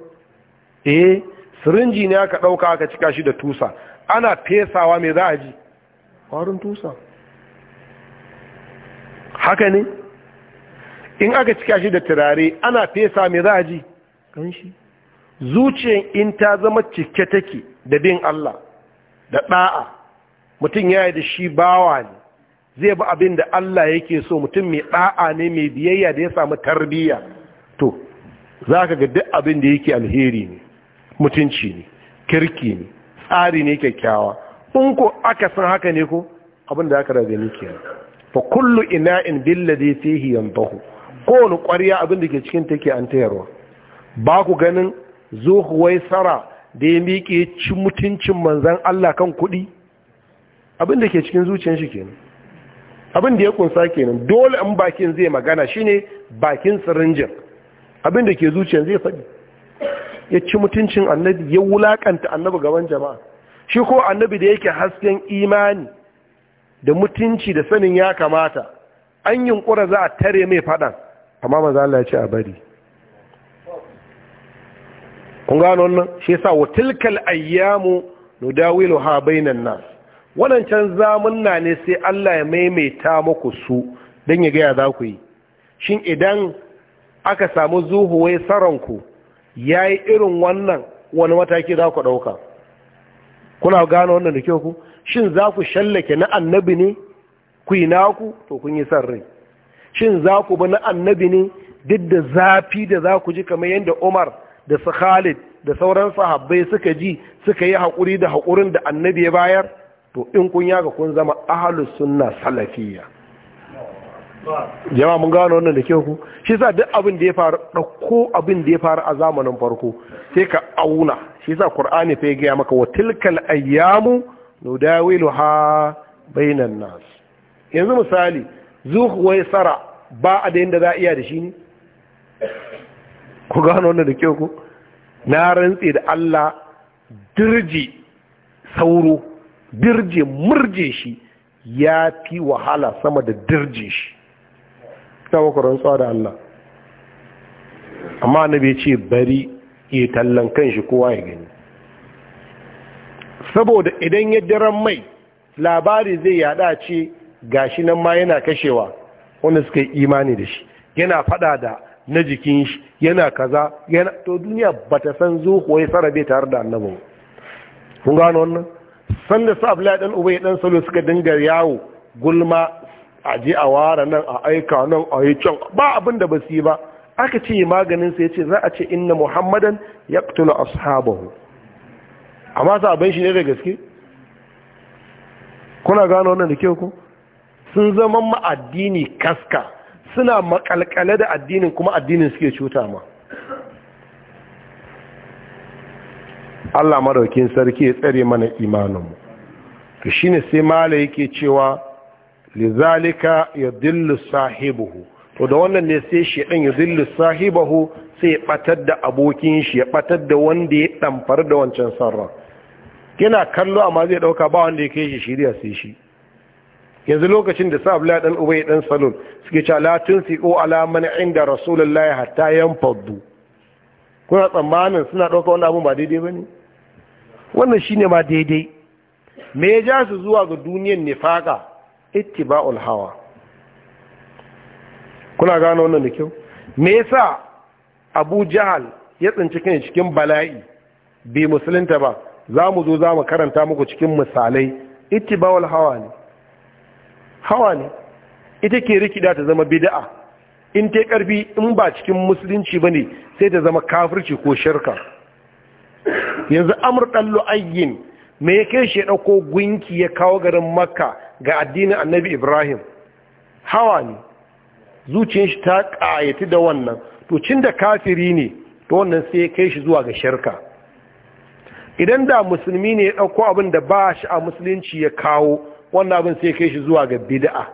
eh sirinji ne aka ɗauka aka cika shi da tusa ana fesawa mai za a ji ƙwarin tusa haka ne in aka cika shi da turare ana fesa mai za a ji in ta zama cike take da bin Allah da ɗa'a mutum ya yi da shi bawa ne zai bi abin da Allah yake so mutum mai ɗa'a ne mai biyayya da ya samu tarbiyya to za ka ga duk abin da yake alheri ne mutunci ne kirki ne tsari ne kyakkyawa in ko aka san haka ne ko abin da aka raga ne ke fa kullu ina in billa zai fihiyan bahu kowane ƙwariya abin da ke cikin take an tayarwa ba ku ganin zuhuwai tsara da ya miƙe ci mutuncin manzan Allah kan kuɗi abin da ke cikin zuciyar shi kenan abin da ya kunsa kenan dole an bakin zai magana shine bakin sirinjin abin da ke zuciyar zai faɗi ya ci mutuncin annabi ya wulakanta annabi gaban jama'a shi ko annabi da yake hasken imani da mutunci da sanin ya kamata an yunkura za a tare mai faɗan amma manzo Allah ya ce a bari kun gano wannan shi yasa wa tilkal ayyamu ha bainan nas wannan can zamunna ne sai Allah ya maimaita muku su dan ya ga ya za ku yi shin idan aka samu zuhu wai saranku yayi irin wannan wani mataki za ku dauka kuna gano wannan da kyau ku shin za ku shallake na annabi ne ku yi naku to kun yi san rai shin za ku bi na annabi ne duk da zafi da za ku ji kamar yadda umar da su khalid da sauran sahabbai suka ji suka yi haƙuri da haƙurin da annabi ya bayar to in kun yaga kun zama ahalus sunna salafiyya jama'a mun gano wannan da ke ku shi sa duk abin da ya faru ɗauko abin da ya faru a zamanin farko sai ka auna shi sa qur'ani fa ya gaya maka wa tilkal ayyamu nudawiluha bainan nas yanzu misali ya tsara ba a da yadda za a iya da shi ne ku gano wannan da kyau ku na rantse da Allah dirje sauro dirje murje shi ya fi wahala sama da dirje shi ta waka rantsuwa da Allah amma na bai ce bari ya tallan kan shi kowa ya gani saboda idan ya daren mai labari zai yada ce gashi nan ma yana kashewa wanda suka yi imani da shi yana fada da na jikin shi yana kaza yana to duniya bata san zuhu, ya tsara bai tare da annabin kun gano wannan sanda su abu laɗin ubai ɗan salo suka dinga yawo gulma a je a ware nan a aika nan a yi can ba abin da ba su yi ba aka ce maganin sai ce za a ce inna muhammadan ya ƙtula ashabahu amma sa abin shi ne da gaske kuna gano wannan da kyau ko? sun zama ma addini kaska suna makalkale da addinin kuma addinin suke cuta ma Allah madaukin sarki ya tsare mana imaninmu to shine sai mala yake cewa lizalika yadillu sahibuhu to da wannan ne sai shedan yadillu sahibuhu sai ya batar da abokin shi ya batar da wanda ya damfar da wancan sarra yana kallo amma zai ɗauka ba wanda ya kai shi shirya sai shi yanzu lokacin da sa abla dan ubai dan salul suke cewa la tunfiqu ala man inda rasulullahi hatta yanfaddu kuna tsammanin suna dauka wannan abun ba daidai bane wannan shine ma daidai me ya ja su zuwa ga duniyar nifaka ittiba'ul hawa kuna gano wannan da kyau me yasa abu jahal ya tsinci kan cikin bala'i bai musulunta ba za mu zo za mu karanta muku cikin misalai ittiba'ul hawa ne hawa ne ita ke rikida ta zama bida'a in ta karfi in ba cikin musulunci ba ne sai ta zama kafirci ko shirka yanzu amr dan ayyin me ya kai shi dauko gunki ya kawo garin makka ga addinin annabi ibrahim hawa ne zuciyar shi ta kayatu da wannan to cin da kafiri ne to wannan sai ya kai shi zuwa ga shirka idan da musulmi ne ya ɗauko abin da ba shi a musulunci ya kawo wannan abin sai kai shi zuwa ga bid'a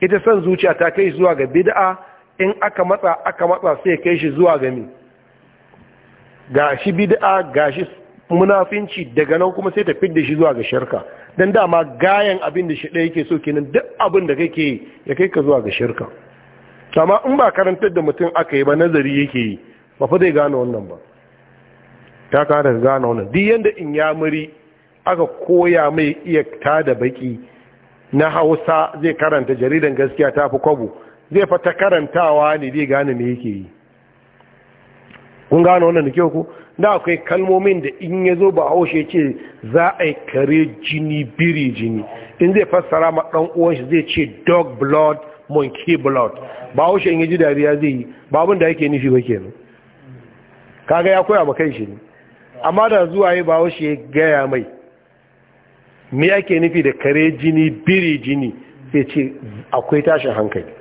ita san zuciya ta kai shi zuwa ga bid'a in aka matsa aka matsa sai kai shi zuwa ga mi gashi bid'a gashi munafinci daga nan kuma sai ta fidda shi zuwa ga shirka dan dama gayan abin da shi ɗaya yake so kenan duk abin da kake ya kai ka zuwa ga shirka amma in ba karantar da mutum aka yi ba nazari yake yi ba fa zai gane wannan ba ta kada gane wannan duk yanda in ya muri aka koya mai iya ta da baki na hausa zai karanta jaridan gaskiya ta fi kwabo zai fata karantawa ne zai gane me yake yi kun gane wannan da kyau ku da akwai kalmomin da in ya zo ba haushe ce za a yi kare jini biri jini in zai fassara ma dan uwan shi zai ce dog blood monkey blood ba haushe in ya ji dariya zai yi ba abin da yake nufi ba kenan kaga ya koya ma kai shi ne amma da zuwa yi ba haushe ya gaya mai me ake nufi da kare jini biri jini sai ce akwai tashin hankali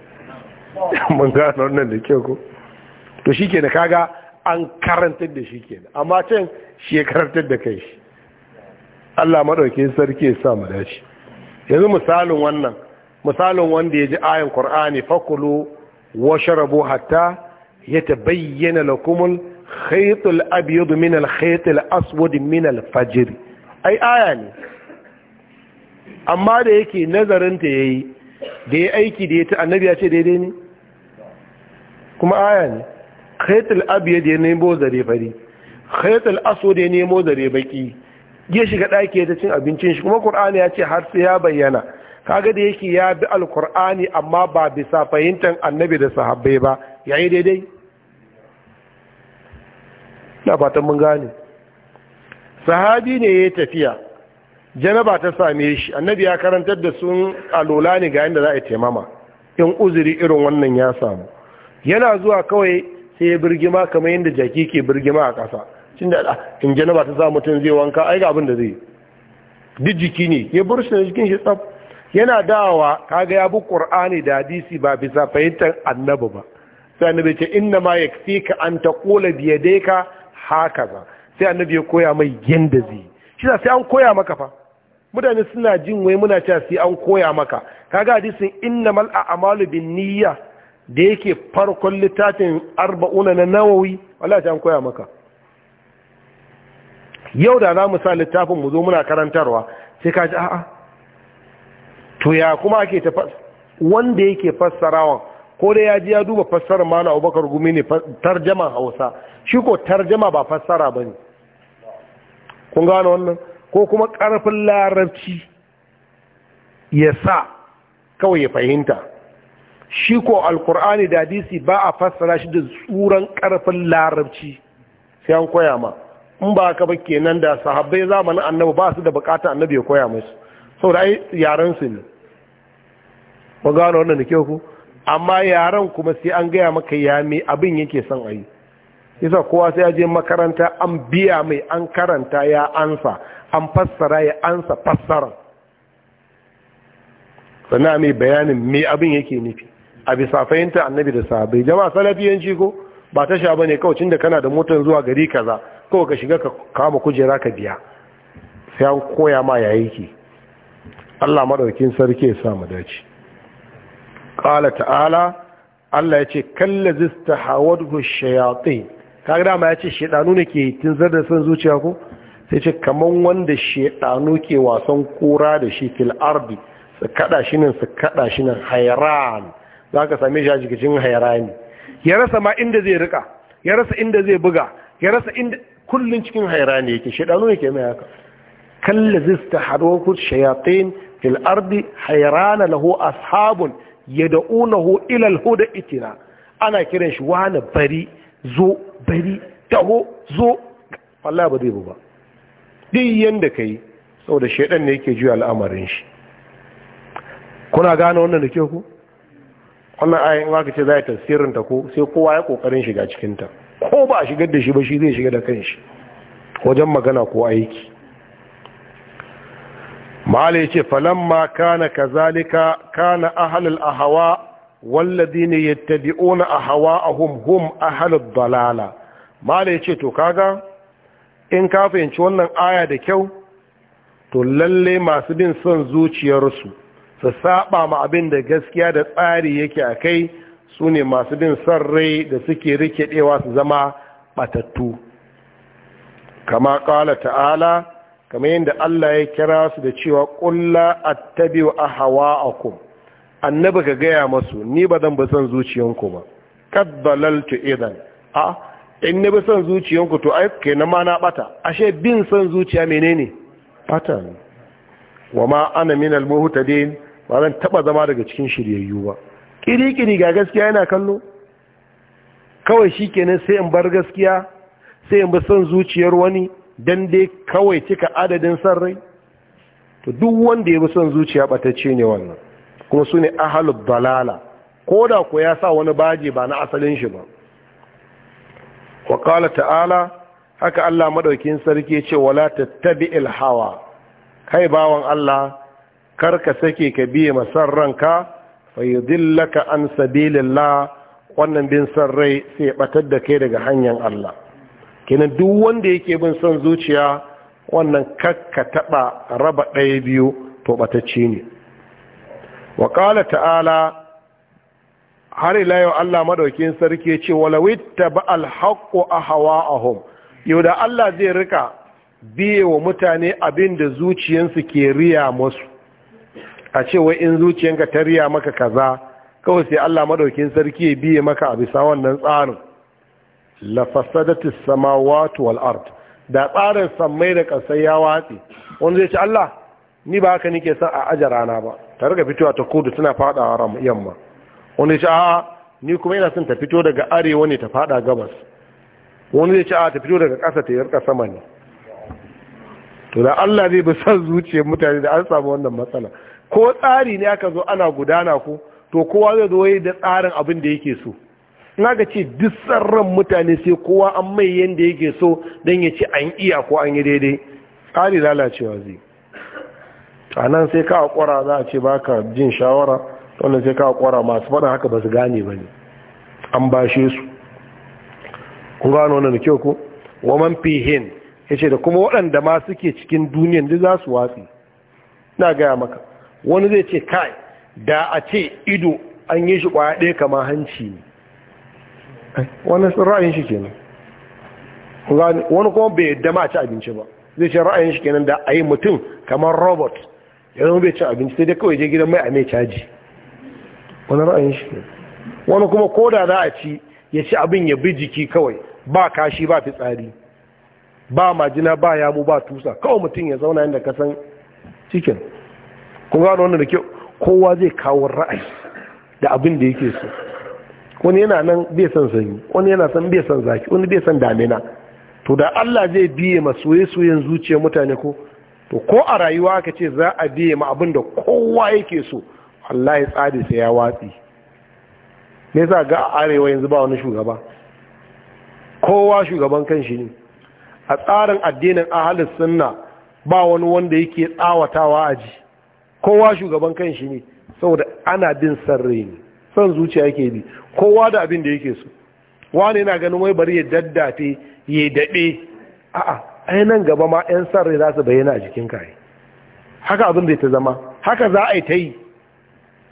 <laughs> mun gano wannan da kyau ko to ke da kaga an karantar da shi ke amma can shi ya karantar da kai shi Allah madauke sarki ya sa mu dace yanzu misalin wannan misalin wanda ya ji ayin qur'ani fakulu washrabu hatta yatabayyana lakumul khaytul abyad min al khaytil aswad min al fajr ai aya ne amma da yake nazarinta ya yi da ya aiki da ya ta annabi ya ce daidai ne kuma aya ne khaitul abiyar da ya nemo zare fari khaitul aso da ya nemo zare baki ya shiga ɗaki ta cin abincin shi kuma ƙur'ani ya ce har sai ya bayyana kaga da yake ya bi alƙur'ani amma ba bisa fahimtar annabi da sahabbai ba yayi daidai na fatan mun gane sahabi ne ya tafiya janaba ta same shi annabi ya karantar da sun alola ne ga yadda za a taimama in uzuri irin wannan ya samu yana zuwa kawai sai ya birgima kamar yadda jaki ke birgima a ƙasa cin da ah, in janaba ta sa mutum zai wanka ai ga abin da zai duk jiki ne ya burshe na jikin shi tsaf yana dawa kaga ya bi qur'ani da hadisi ba bisa fahimtar annabi ba sai annabi ce inna ma yakfika an taqula bi yadayka ba. sai annabi ya koya mai yanda zai shi sai an koya maka fa mutane suna jin wai muna cewa sai an koya maka kaga hadisin innamal a'malu binniyya da yake farkon littafin arba'una na nawawi wallahi ta an koya maka yau da za sa littafin mu zo muna karantarwa sai ka ji a'a to ya kuma ake ta wanda yake fassarawa ko da ya ji ya duba fassarar mana abubakar gumi ne tarjaman hausa shi ko tarjama ba fassara bane kun gano wannan ko kuma ƙarfin larabci ya sa kawai ya fahimta shi ko alkur'ani da hadisi ba a fassara shi da tsuran ƙarfin larabci sai an koya ma in ba ka ba nan da sahabbai zamanin annabi ba su da bukata annabi ya koya musu sau da yaren su ne ba gano wannan da kyau ku amma yaren kuma sai an gaya maka ya me abin yake son a yi. yasa kowa sai ya je makaranta an biya mai an karanta ya ansa an fassara ya ansa fassara sannan mai bayanin me abin yake nufi a bisa fahimta annabi da sahabai jama salafiyanci ko ba ta sha bane kawai tunda kana da motar zuwa gari kaza kawai ka shiga ka kama kujera ka biya sai an koya ma yayi ki Allah madaukin sarki ya sa mu dace qala ta'ala Allah ya ce kallazista hawadhu shayatin kaga dama ya ce shedanu ne ke tunzar da son zuciya ko sai ce kaman wanda shedanu ke wasan kura da shi fil ardi su kada shi nan su kada shi nan hayran ka same shi a cikin hayrani ya rasa ma inda zai rika ya rasa inda zai buga ya rasa inda kullun cikin hayrani yake shedanu yake mai haka kallazi istaharu shayatin fil ardi hayrana lahu ashabun yad'unahu ila al-huda itina ana kiran shi wani bari zo bari taho zo falla ba zai bu ba duk yanda Sau da shaidan ne yake juya al'amarin shi kuna gane wannan da ke ku wannan ayin in aka ce za a tasirin ta ko sai kowa ya kokarin shiga cikinta. ko ba a shigar da shi ba shi zai shiga da kanshi wajen magana ko aiki ma'ala ya ce falamma kana kazalika kana ahalul ahawa wallazi ne ya tabi'una a hawa a hum hum a halin dalala mala ya ce to kaga in ka fahimci wannan aya da kyau to lalle masu bin son zuciyarsu su saba ma abin da gaskiya da tsari yake a kai su ne masu bin son rai da suke rikidewa su zama batattu kama ƙala ta'ala kamar yadda Allah ya kira su da cewa kulla attabi'u ahwa'akum annabi ka gaya masu ni ba zan bi son zuciyanku ba kad dalaltu idan a in ni bi son zuciyanku to ai na ma na bata ashe bin son zuciya menene bata ne wa ma ana min al muhtadin ba zan taba zama daga cikin shiryayyu ba kirikiri ga gaskiya yana kallo kawai shikenan sai in bar gaskiya sai in bi son zuciyar wani dan dai kawai kika adadin san rai to duk wanda ya bi son zuciya batacce ne wannan kuma su ne balala dalala ko da ku ya sa wani baji ba na asalin shi ba wa ta'ala haka Allah maɗaukin sarki ce wala tattabi'il hawa kai bawan Allah karka sake ka biye masar ranka fa yudillaka an sabilillah wannan bin san rai sai batar da kai daga hanyar Allah kenan duk wanda yake bin son zuciya wannan kakka taɓa raba ɗaya biyu to batacce ne wa ƙala ta'ala har ila yau Allah madaukin sarki ce walawitta ba a hom. yau da Allah zai rika biye wa mutane abin da zuciyansu ke riya musu a ce in zuciyanka ta riya maka kaza kawai sai Allah maɗaukin sarki ya biye maka a bisa wannan tsarin Lafasadati fasadatu samawati da tsarin sammai da kasai ya watsi wanda zai ce Allah ni ba haka nike son a ajiye rana ba ta riga fitowa ta kudu suna fadawa ram yamma wani ce a ni kuma ina son ta fito daga arewa ne ta fada gabas wani zai ce a ta fito daga ƙasa ta yarka sama ne to da Allah zai bi son zuciyar mutane da an samu wannan matsala ko tsari ne aka zo ana gudana ko to kowa zai zo da tsarin abin da yake so in aka ce duk sarran mutane sai kowa an mai yanda yake so don ya ce an iya ko an yi daidai tsari lalacewa zai a nan sai ka haƙura za a ce baka jin shawara wannan sai ka haƙura masu faɗa haka ba su gane ba ne an bashe su kun gano wannan da kyau ko waman fihin ya ce da kuma waɗanda ma suke cikin duniyan duk za su watsi na gaya maka wani zai ce kai da a ce ido an yi shi ƙwaya ɗaya kama hanci ne wani sun ra'ayin shi kenan wani kuma bai yadda ma ci abinci ba zai ce ra'ayin shi kenan da a yi mutum kamar robot ya zama bai cin abinci sai dai kawai je gidan mai a mai caji wani ra'ayin shi ne wani kuma ko da za a ci ya ci abin ya bi jiki kawai ba kashi ba fitsari ba majina ba yamu ba tusa kawai mutum ya zauna yadda ka san cikin kun gano wannan da kyau kowa zai kawo ra'ayi da abin da yake so wani yana nan bai san sanyi wani yana san bai san zaki wani bai san damina to da Allah zai biye masoye soyen zuciyar mutane ko to ko a rayuwa aka ce za a biya ma abin da kowa yake so Allah ya tsari sai ya watsi me za ga a arewa yanzu ba wani shugaba kowa shugaban kan shi ne a tsarin addinin ahalus sunna ba wani wanda yake tsawatawa aji kowa shugaban kan shi ne saboda ana bin san ne son zuciya yake bi kowa da abin da yake so wani yana ganin wai bari ya daddafe ya daɗe a'a ai nan gaba ma 'yan san rai za su bayyana a jikin kare haka abin da ta zama haka za a yi ta yi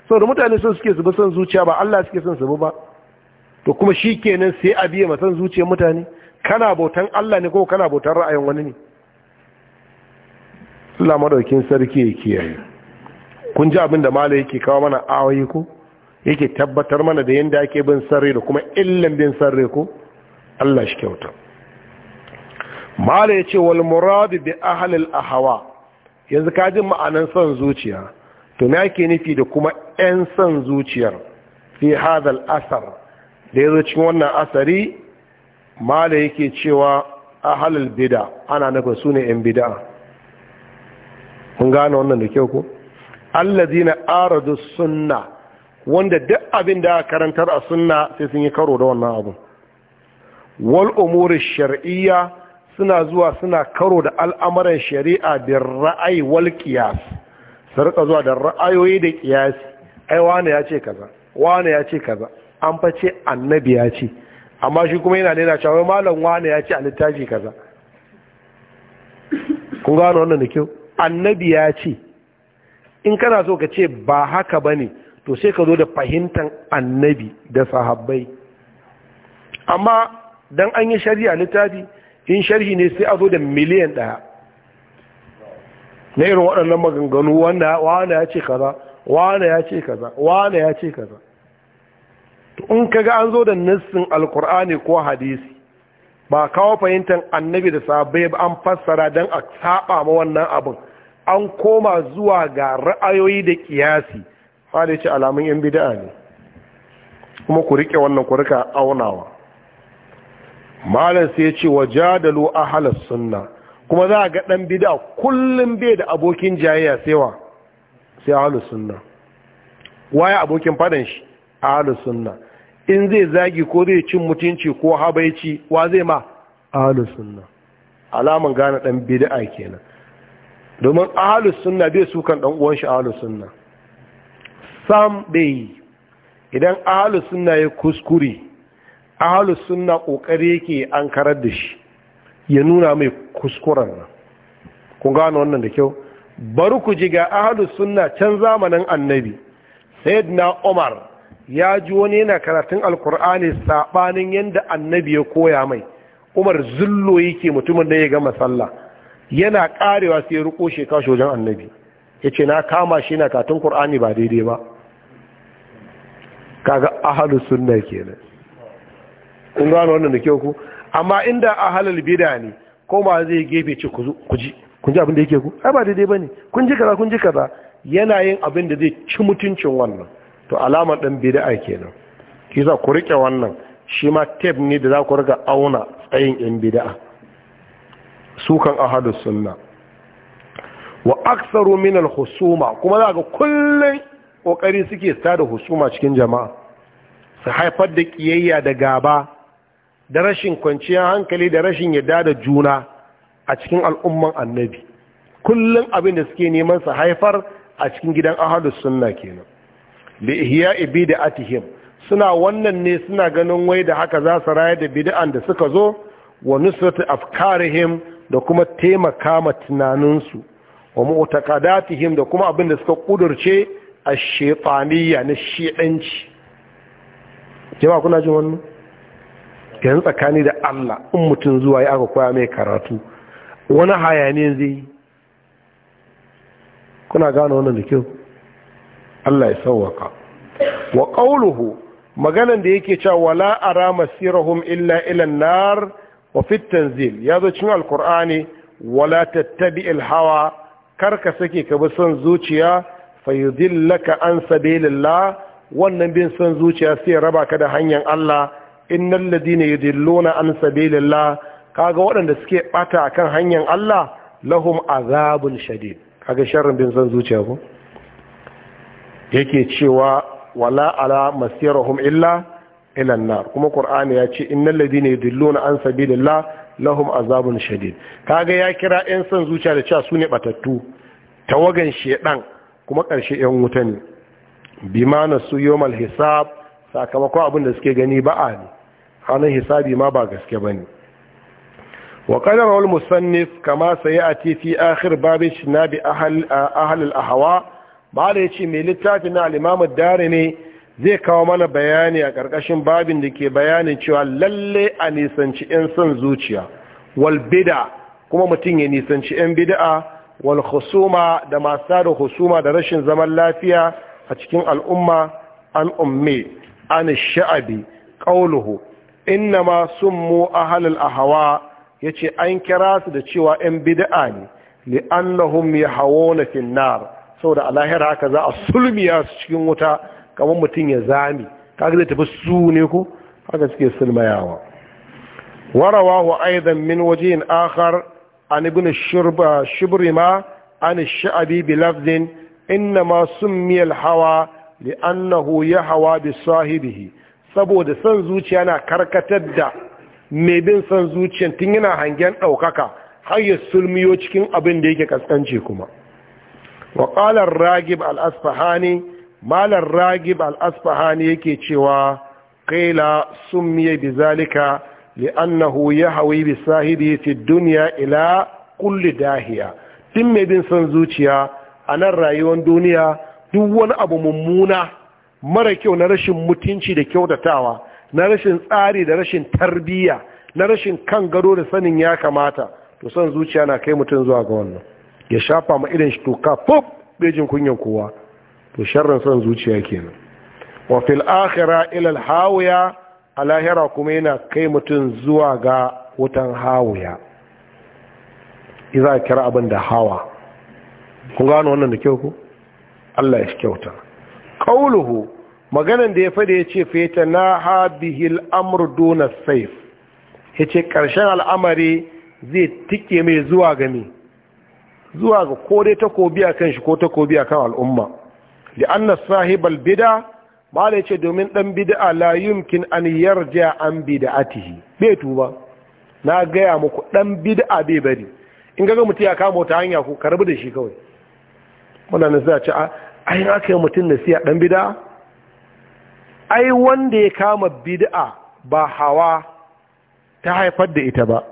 sau da mutane sun suke zuba son zuciya ba Allah suke son su ba to kuma shi kenan sai a biya masan zuciyar mutane kana bautan Allah ne ko kana bautan ra'ayin wani ne Allah madaukin sarki ya kiyaye kun ji abin da mala yake kawo mana awayi ko yake tabbatar mana da yadda ake bin sarri da kuma illan bin sarri ko Allah shi kyauta mala ya ce wal muradu bi ahlil ahawa yanzu ka ji ma'anan son zuciya to me yake nufi da kuma 'yan son zuciyar fi hadal asar da yazo cikin wannan asari mala yake cewa ahalal bida ana nufin su ne bida kun gane wannan da kyau ku allazi aradu sunna wanda duk abin da karantar a sunna sai sun yi karo da wannan abu wal umuri shar'iyya suna zuwa suna karo da al'amuran shari'a da ra'ayi wal qiyas su rika zuwa da ra'ayoyi da kiyasi ai wane ya ce kaza wane ya ce kaza an fa ce annabi ya ce amma shi kuma yana nena cewa malam wane ya ce a littafi kaza kun gano wannan da kyau annabi ya ce in kana so ka ce ba haka ba ne, to sai ka zo da fahimtar annabi da sahabbai amma dan an yi shari'a littafi in sharhi ne sai a zo da miliyan ɗaya na irin waɗannan maganganu wanda wane ya ce kaza wane ya ce kaza wane ya ce kaza in kaga an zo da nassin alkur'ani ko hadisi ba kawo fahimtar annabi da sabai ba an fassara don a saba ma wannan abin an koma zuwa ga ra'ayoyi da kiyasi ma da ce alamun yan bida'a ne kuma ku riƙe wannan ku riƙa aunawa malam sai ya ce wa jadalu ahlas sunna kuma za a ga dan bid'a kullum bai da abokin jayayya wa sai ahlus sunna waye abokin fadan shi ahlus sunna in zai zagi ko zai cin mutunci ko habaici wa zai ma ahlus sunna alaman gane dan bid'a kenan domin ahlus sunna bai kan dan uwan shi ahlus sunna sam bai idan ahlus sunna ya kuskure ahalus suna kokari yake an karar da shi ya nuna mai kuskuren nan kun gano wannan da kyau bari ku ji ga ahalus suna can zamanin annabi sayyidina umar ya ji wani yana karatun alkur'ani sabanin yadda annabi ya koya mai umar zullo yake mutumin da ya gama sallah yana karewa sai ya ruko shekaru shojan annabi ya ce na kama shi na katun kur'ani ba daidai ba kaga ahalus sunna kenan kun gano wannan da kyau ku amma inda a halal bida ne ko ma zai gefe ce ku ji kun ji abin da yake ku ai ba daidai bane kun ji kaza kun ji kaza yana yin abin da zai ci mutuncin wannan to alamar dan bid'a kenan za ku rike wannan shi ma tape ne da za ku riga auna tsayin yan bid'a sukan ahadu sunna wa aktsaru min al husuma kuma za ga kullun kokari suke tada husuma cikin jama'a su haifar da kiyayya da gaba da rashin kwanciyar hankali da rashin yadda da juna a cikin al'umman annabi kullum abin da suke neman su haifar a cikin gidan ahadus sunna kenan li ihya da atihim suna wannan ne suna ganin wai da haka za su rayar da bid'an da suka zo wa nusrat afkarihim da kuma taimaka ma tunaninsu wa mu'taqadatihim da kuma abin da suka kudurce a shaytaniyya na shedanci jama'a kuna jin wannan yanzu tsakani da Allah in mutum zuwa ya aka koya mai karatu wani hayaniyar zai yi kuna gano wannan da kyau Allah ya sauwaka wa ƙauluhu maganan da yake cewa wala ara masirahum illa ilan nar wa fi ya zo cikin alkur'ani wala tattabi ilhawa karka sake ka bi son zuciya laka an sabilillah wannan bin son zuciya sai raba ka da hanyar Allah innal ladina yudilluna an sabilillah kaga waɗanda suke bata akan hanyar Allah lahum azabun shadid kaga sharrin bin san zuciya ko yake cewa wala ala masirahum illa ila nar kuma qur'ani ya ce innal ladina yudilluna an sabilillah lahum azabun shadid kaga ya kira yan san zuciya da cewa sune batattu tawagan shedan kuma ƙarshe yan wuta ne bima nasu yawmal hisab sakamakon abin da suke gani ba'a ne ranar hisabi ma ba gaske ba ne wa ƙadar wal musannif kama saye a tifi akhir babin shi na bi ahalil ahawa ba da ya ce mai littafi na alimamu dare ne zai kawo mana bayani a ƙarƙashin babin da ke bayanin cewa lalle a nisanci 'yan son zuciya wal bida kuma mutum ya nisanci 'yan bida'a wal husuma da masu da husuma da rashin zaman lafiya a cikin al'umma an umme an sha'abi ƙauluhu inna ma summu ahlul ya yace an kira su da cewa yan bida'a ne li'annahum hawo na finnar saboda a lahira haka za a sulmiya su cikin wuta kamar mutum ya zami kaga zai tafi su ne ko haka suke sulmayawa wa aizan min wajen akhar an ibn shurba shibrima an sha'abi bi lafzin inna ma sun miyar hawa li'annahu hawa bi sahibihi saboda son zuciya na karkatar da mai bin son zuciya tun yana hangen ɗaukaka har ya sulmiyo cikin abin da yake kaskance kuma waƙalar ragib al'asfahani malar ragib al'asfahani yake cewa kaila sun miye bi zalika li'annahu ya hawi bi sahibi fi duniya ila kulli dahiya tun mai bin son zuciya a nan rayuwar duniya duk wani abu mummuna mara kyau na rashin mutunci da kyautatawa na rashin tsari da rashin tarbiyya na rashin kan gado da sanin ya kamata to son zuciya na kai mutum zuwa ga wannan ya shafa ma irin shi toka bejin kunyan kowa to sharrin son zuciya kenan wa fil akhira ila al hawiya a lahira kuma yana kai mutum zuwa ga wutan hawiya iza kira abin da hawa kun gano wannan da kyau ku Allah ya shi kyauta qawluhu maganan da ya fada ya ce feta na habihil Amurdo dona saif ya ce ƙarshen al'amari zai tike mai zuwa gami zuwa ga ko dai takobi a kan shi ko takobi a kan al'umma da an na sahibal bida ba da ce domin ɗan bida la yumkin an yarja an bida atihi bai tuba na gaya muku ɗan bida bai bari in gaga mutum ya kama wata hanya ku karbi da shi kawai wadanda za a ce a yi aka yi mutum siya ɗan bida ai wanda ya kama bid'a ba hawa ta haifar da ita ba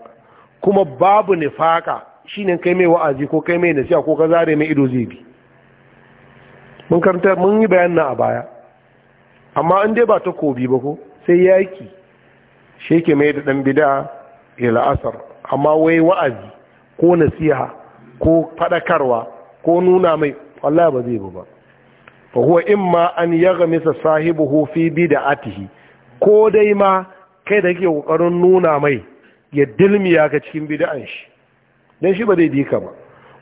kuma babu nifaka shine kai mai wa'azi ko kai mai nasiha ko ka zare mai ido zai bi mun karanta mun yi bayanin a baya amma in dai ba ta kobi ba ko sai yaki sheke mai da dan bid'a ya la'asar amma wai wa'azi ko nasiha ko fadakarwa ko nuna mai wallahi ba zai ba fa huwa imma an yaghmisa sahibihi fi bid'atihi ko dai ma kai da kake kokarin nuna mai ya dilmiya ga cikin bid'an shi dan shi ba zai bi ba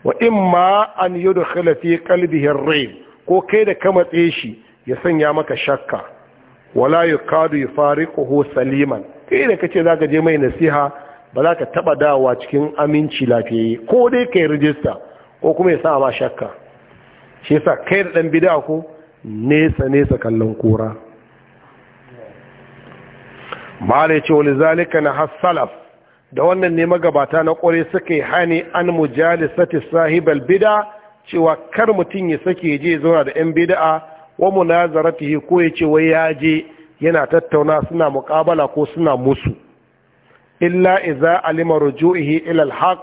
wa imma an yudkhala fi qalbihi ar-rayb ko kai da ka matse shi ya sanya maka shakka wala fari ko saliman kai da kace zaka je mai nasiha ba za ka taba dawowa cikin aminci lafiyayye ko dai kai rijista ko kuma ya sa ma shakka shi yasa kai da dan bid'a ko nesa nesa kallon kura mala yace wani zalika na hasalaf da wannan ne magabata na kore suka yi hani an mujalisati sahibal bid'a cewa kar mutum ya sake je zauna da yan bid'a wa munazaratihi ko yace wai ya je yana tattauna suna muqabala ko suna musu illa iza alima ruju'ihi ila alhaq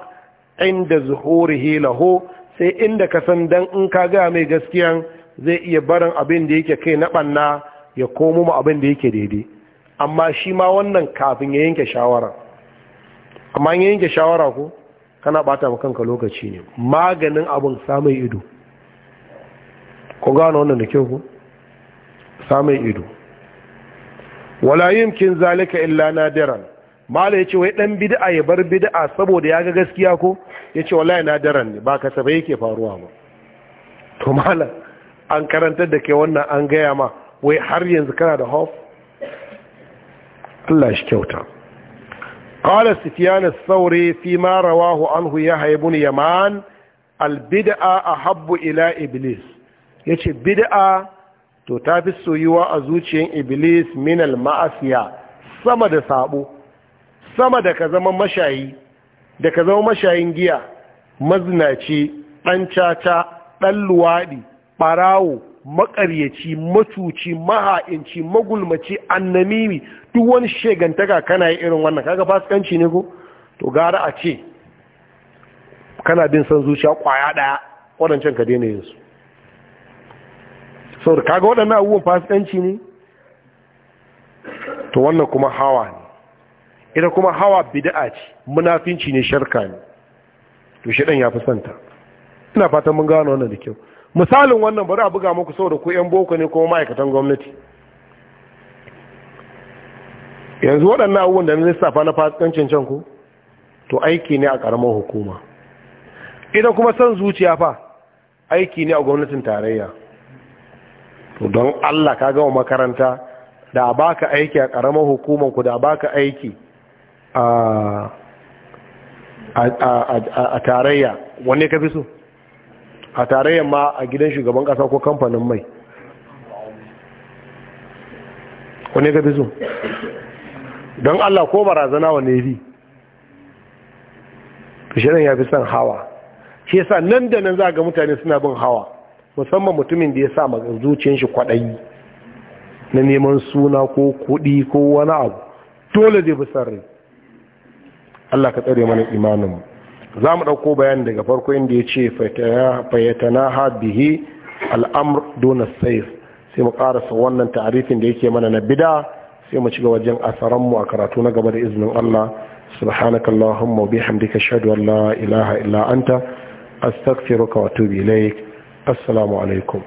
inda zuhurihi lahu sai inda ka san dan in ka gaya mai gaskiyan zai iya barin abin da yake kai na ɓanna ya komo mu abin da yake daidai amma shi ma wannan kafin ya yanke shawara amma ya yanke shawara ko kana bata maka kanka lokaci ne maganin abin samun ido ku gano wannan da kyau ku samun ido wala yumkin zalika illa nadiran mala yace wai dan bid'a ya bar bid'a saboda ya ga gaskiya ko ya ce wallahi na daren ne ba kasafai yake faruwa ba to mala an karantar da ke wannan an gaya ma wai har yanzu kana da hof Allah shi kyauta qala sufyan as fi ma rawahu anhu ya haibun yaman al-bid'a ahabbu ila iblis yace bid'a to ta fi soyuwa a zuciyar iblis Minal al-ma'asiya sama da sabo sama da ka zama mashayi da ka zama mashayin giya mazinaci ɗan caca ɗan luwaɗi ɓarawo maƙaryaci macuci maha'inci magulmaci annamimi duk wani shegantaka kana yi irin wannan kaga fasikanci ne ko to gara a ce kana bin san zuciya kwaya ɗaya waɗancan ka daina yin su saboda kaga waɗannan abubuwan fasikanci ne to wannan kuma hawa ne ita kuma hawa bida'a ce munafinci ne sharka ne to shi ya fi santa ina fatan mun gano wannan da kyau misalin wannan bari a buga muku saboda ku yan boko ne kuma ma'aikatan gwamnati yanzu waɗannan abubuwan da na lissafa na fasikancin can ku to aiki ne a ƙaramar hukuma idan kuma son zuciya fa aiki ne a gwamnatin tarayya to don allah ka gama makaranta da baka aiki a ƙaramar hukumar ku da baka aiki a tarayya wanne ka fi so a tarayya ma a gidan shugaban kasa ko kamfanin mai wanne ka fi so don allah ko barazana wa nefi shirin ya fi son hawa shi yasa nan da nan za ga mutane suna bin hawa musamman mutumin da ya sa zuciyar shi kwaɗayi na neman suna ko kuɗi ko wani abu dole zai fi son rai Allah ka tsare mana imaninmu za mu ɗauko bayan daga farko inda ya ce fayyatana ha bihi al'amur dona saif sai mu ƙarasa wannan tarifin da yake mana na bida sai mu ci ga wajen asararmu a karatu na gaba da izinin Allah subhanaka Allahumma bihamdika ashhadu an la ilaha illa anta astaghfiruka wa atubu ilaik assalamu alaikum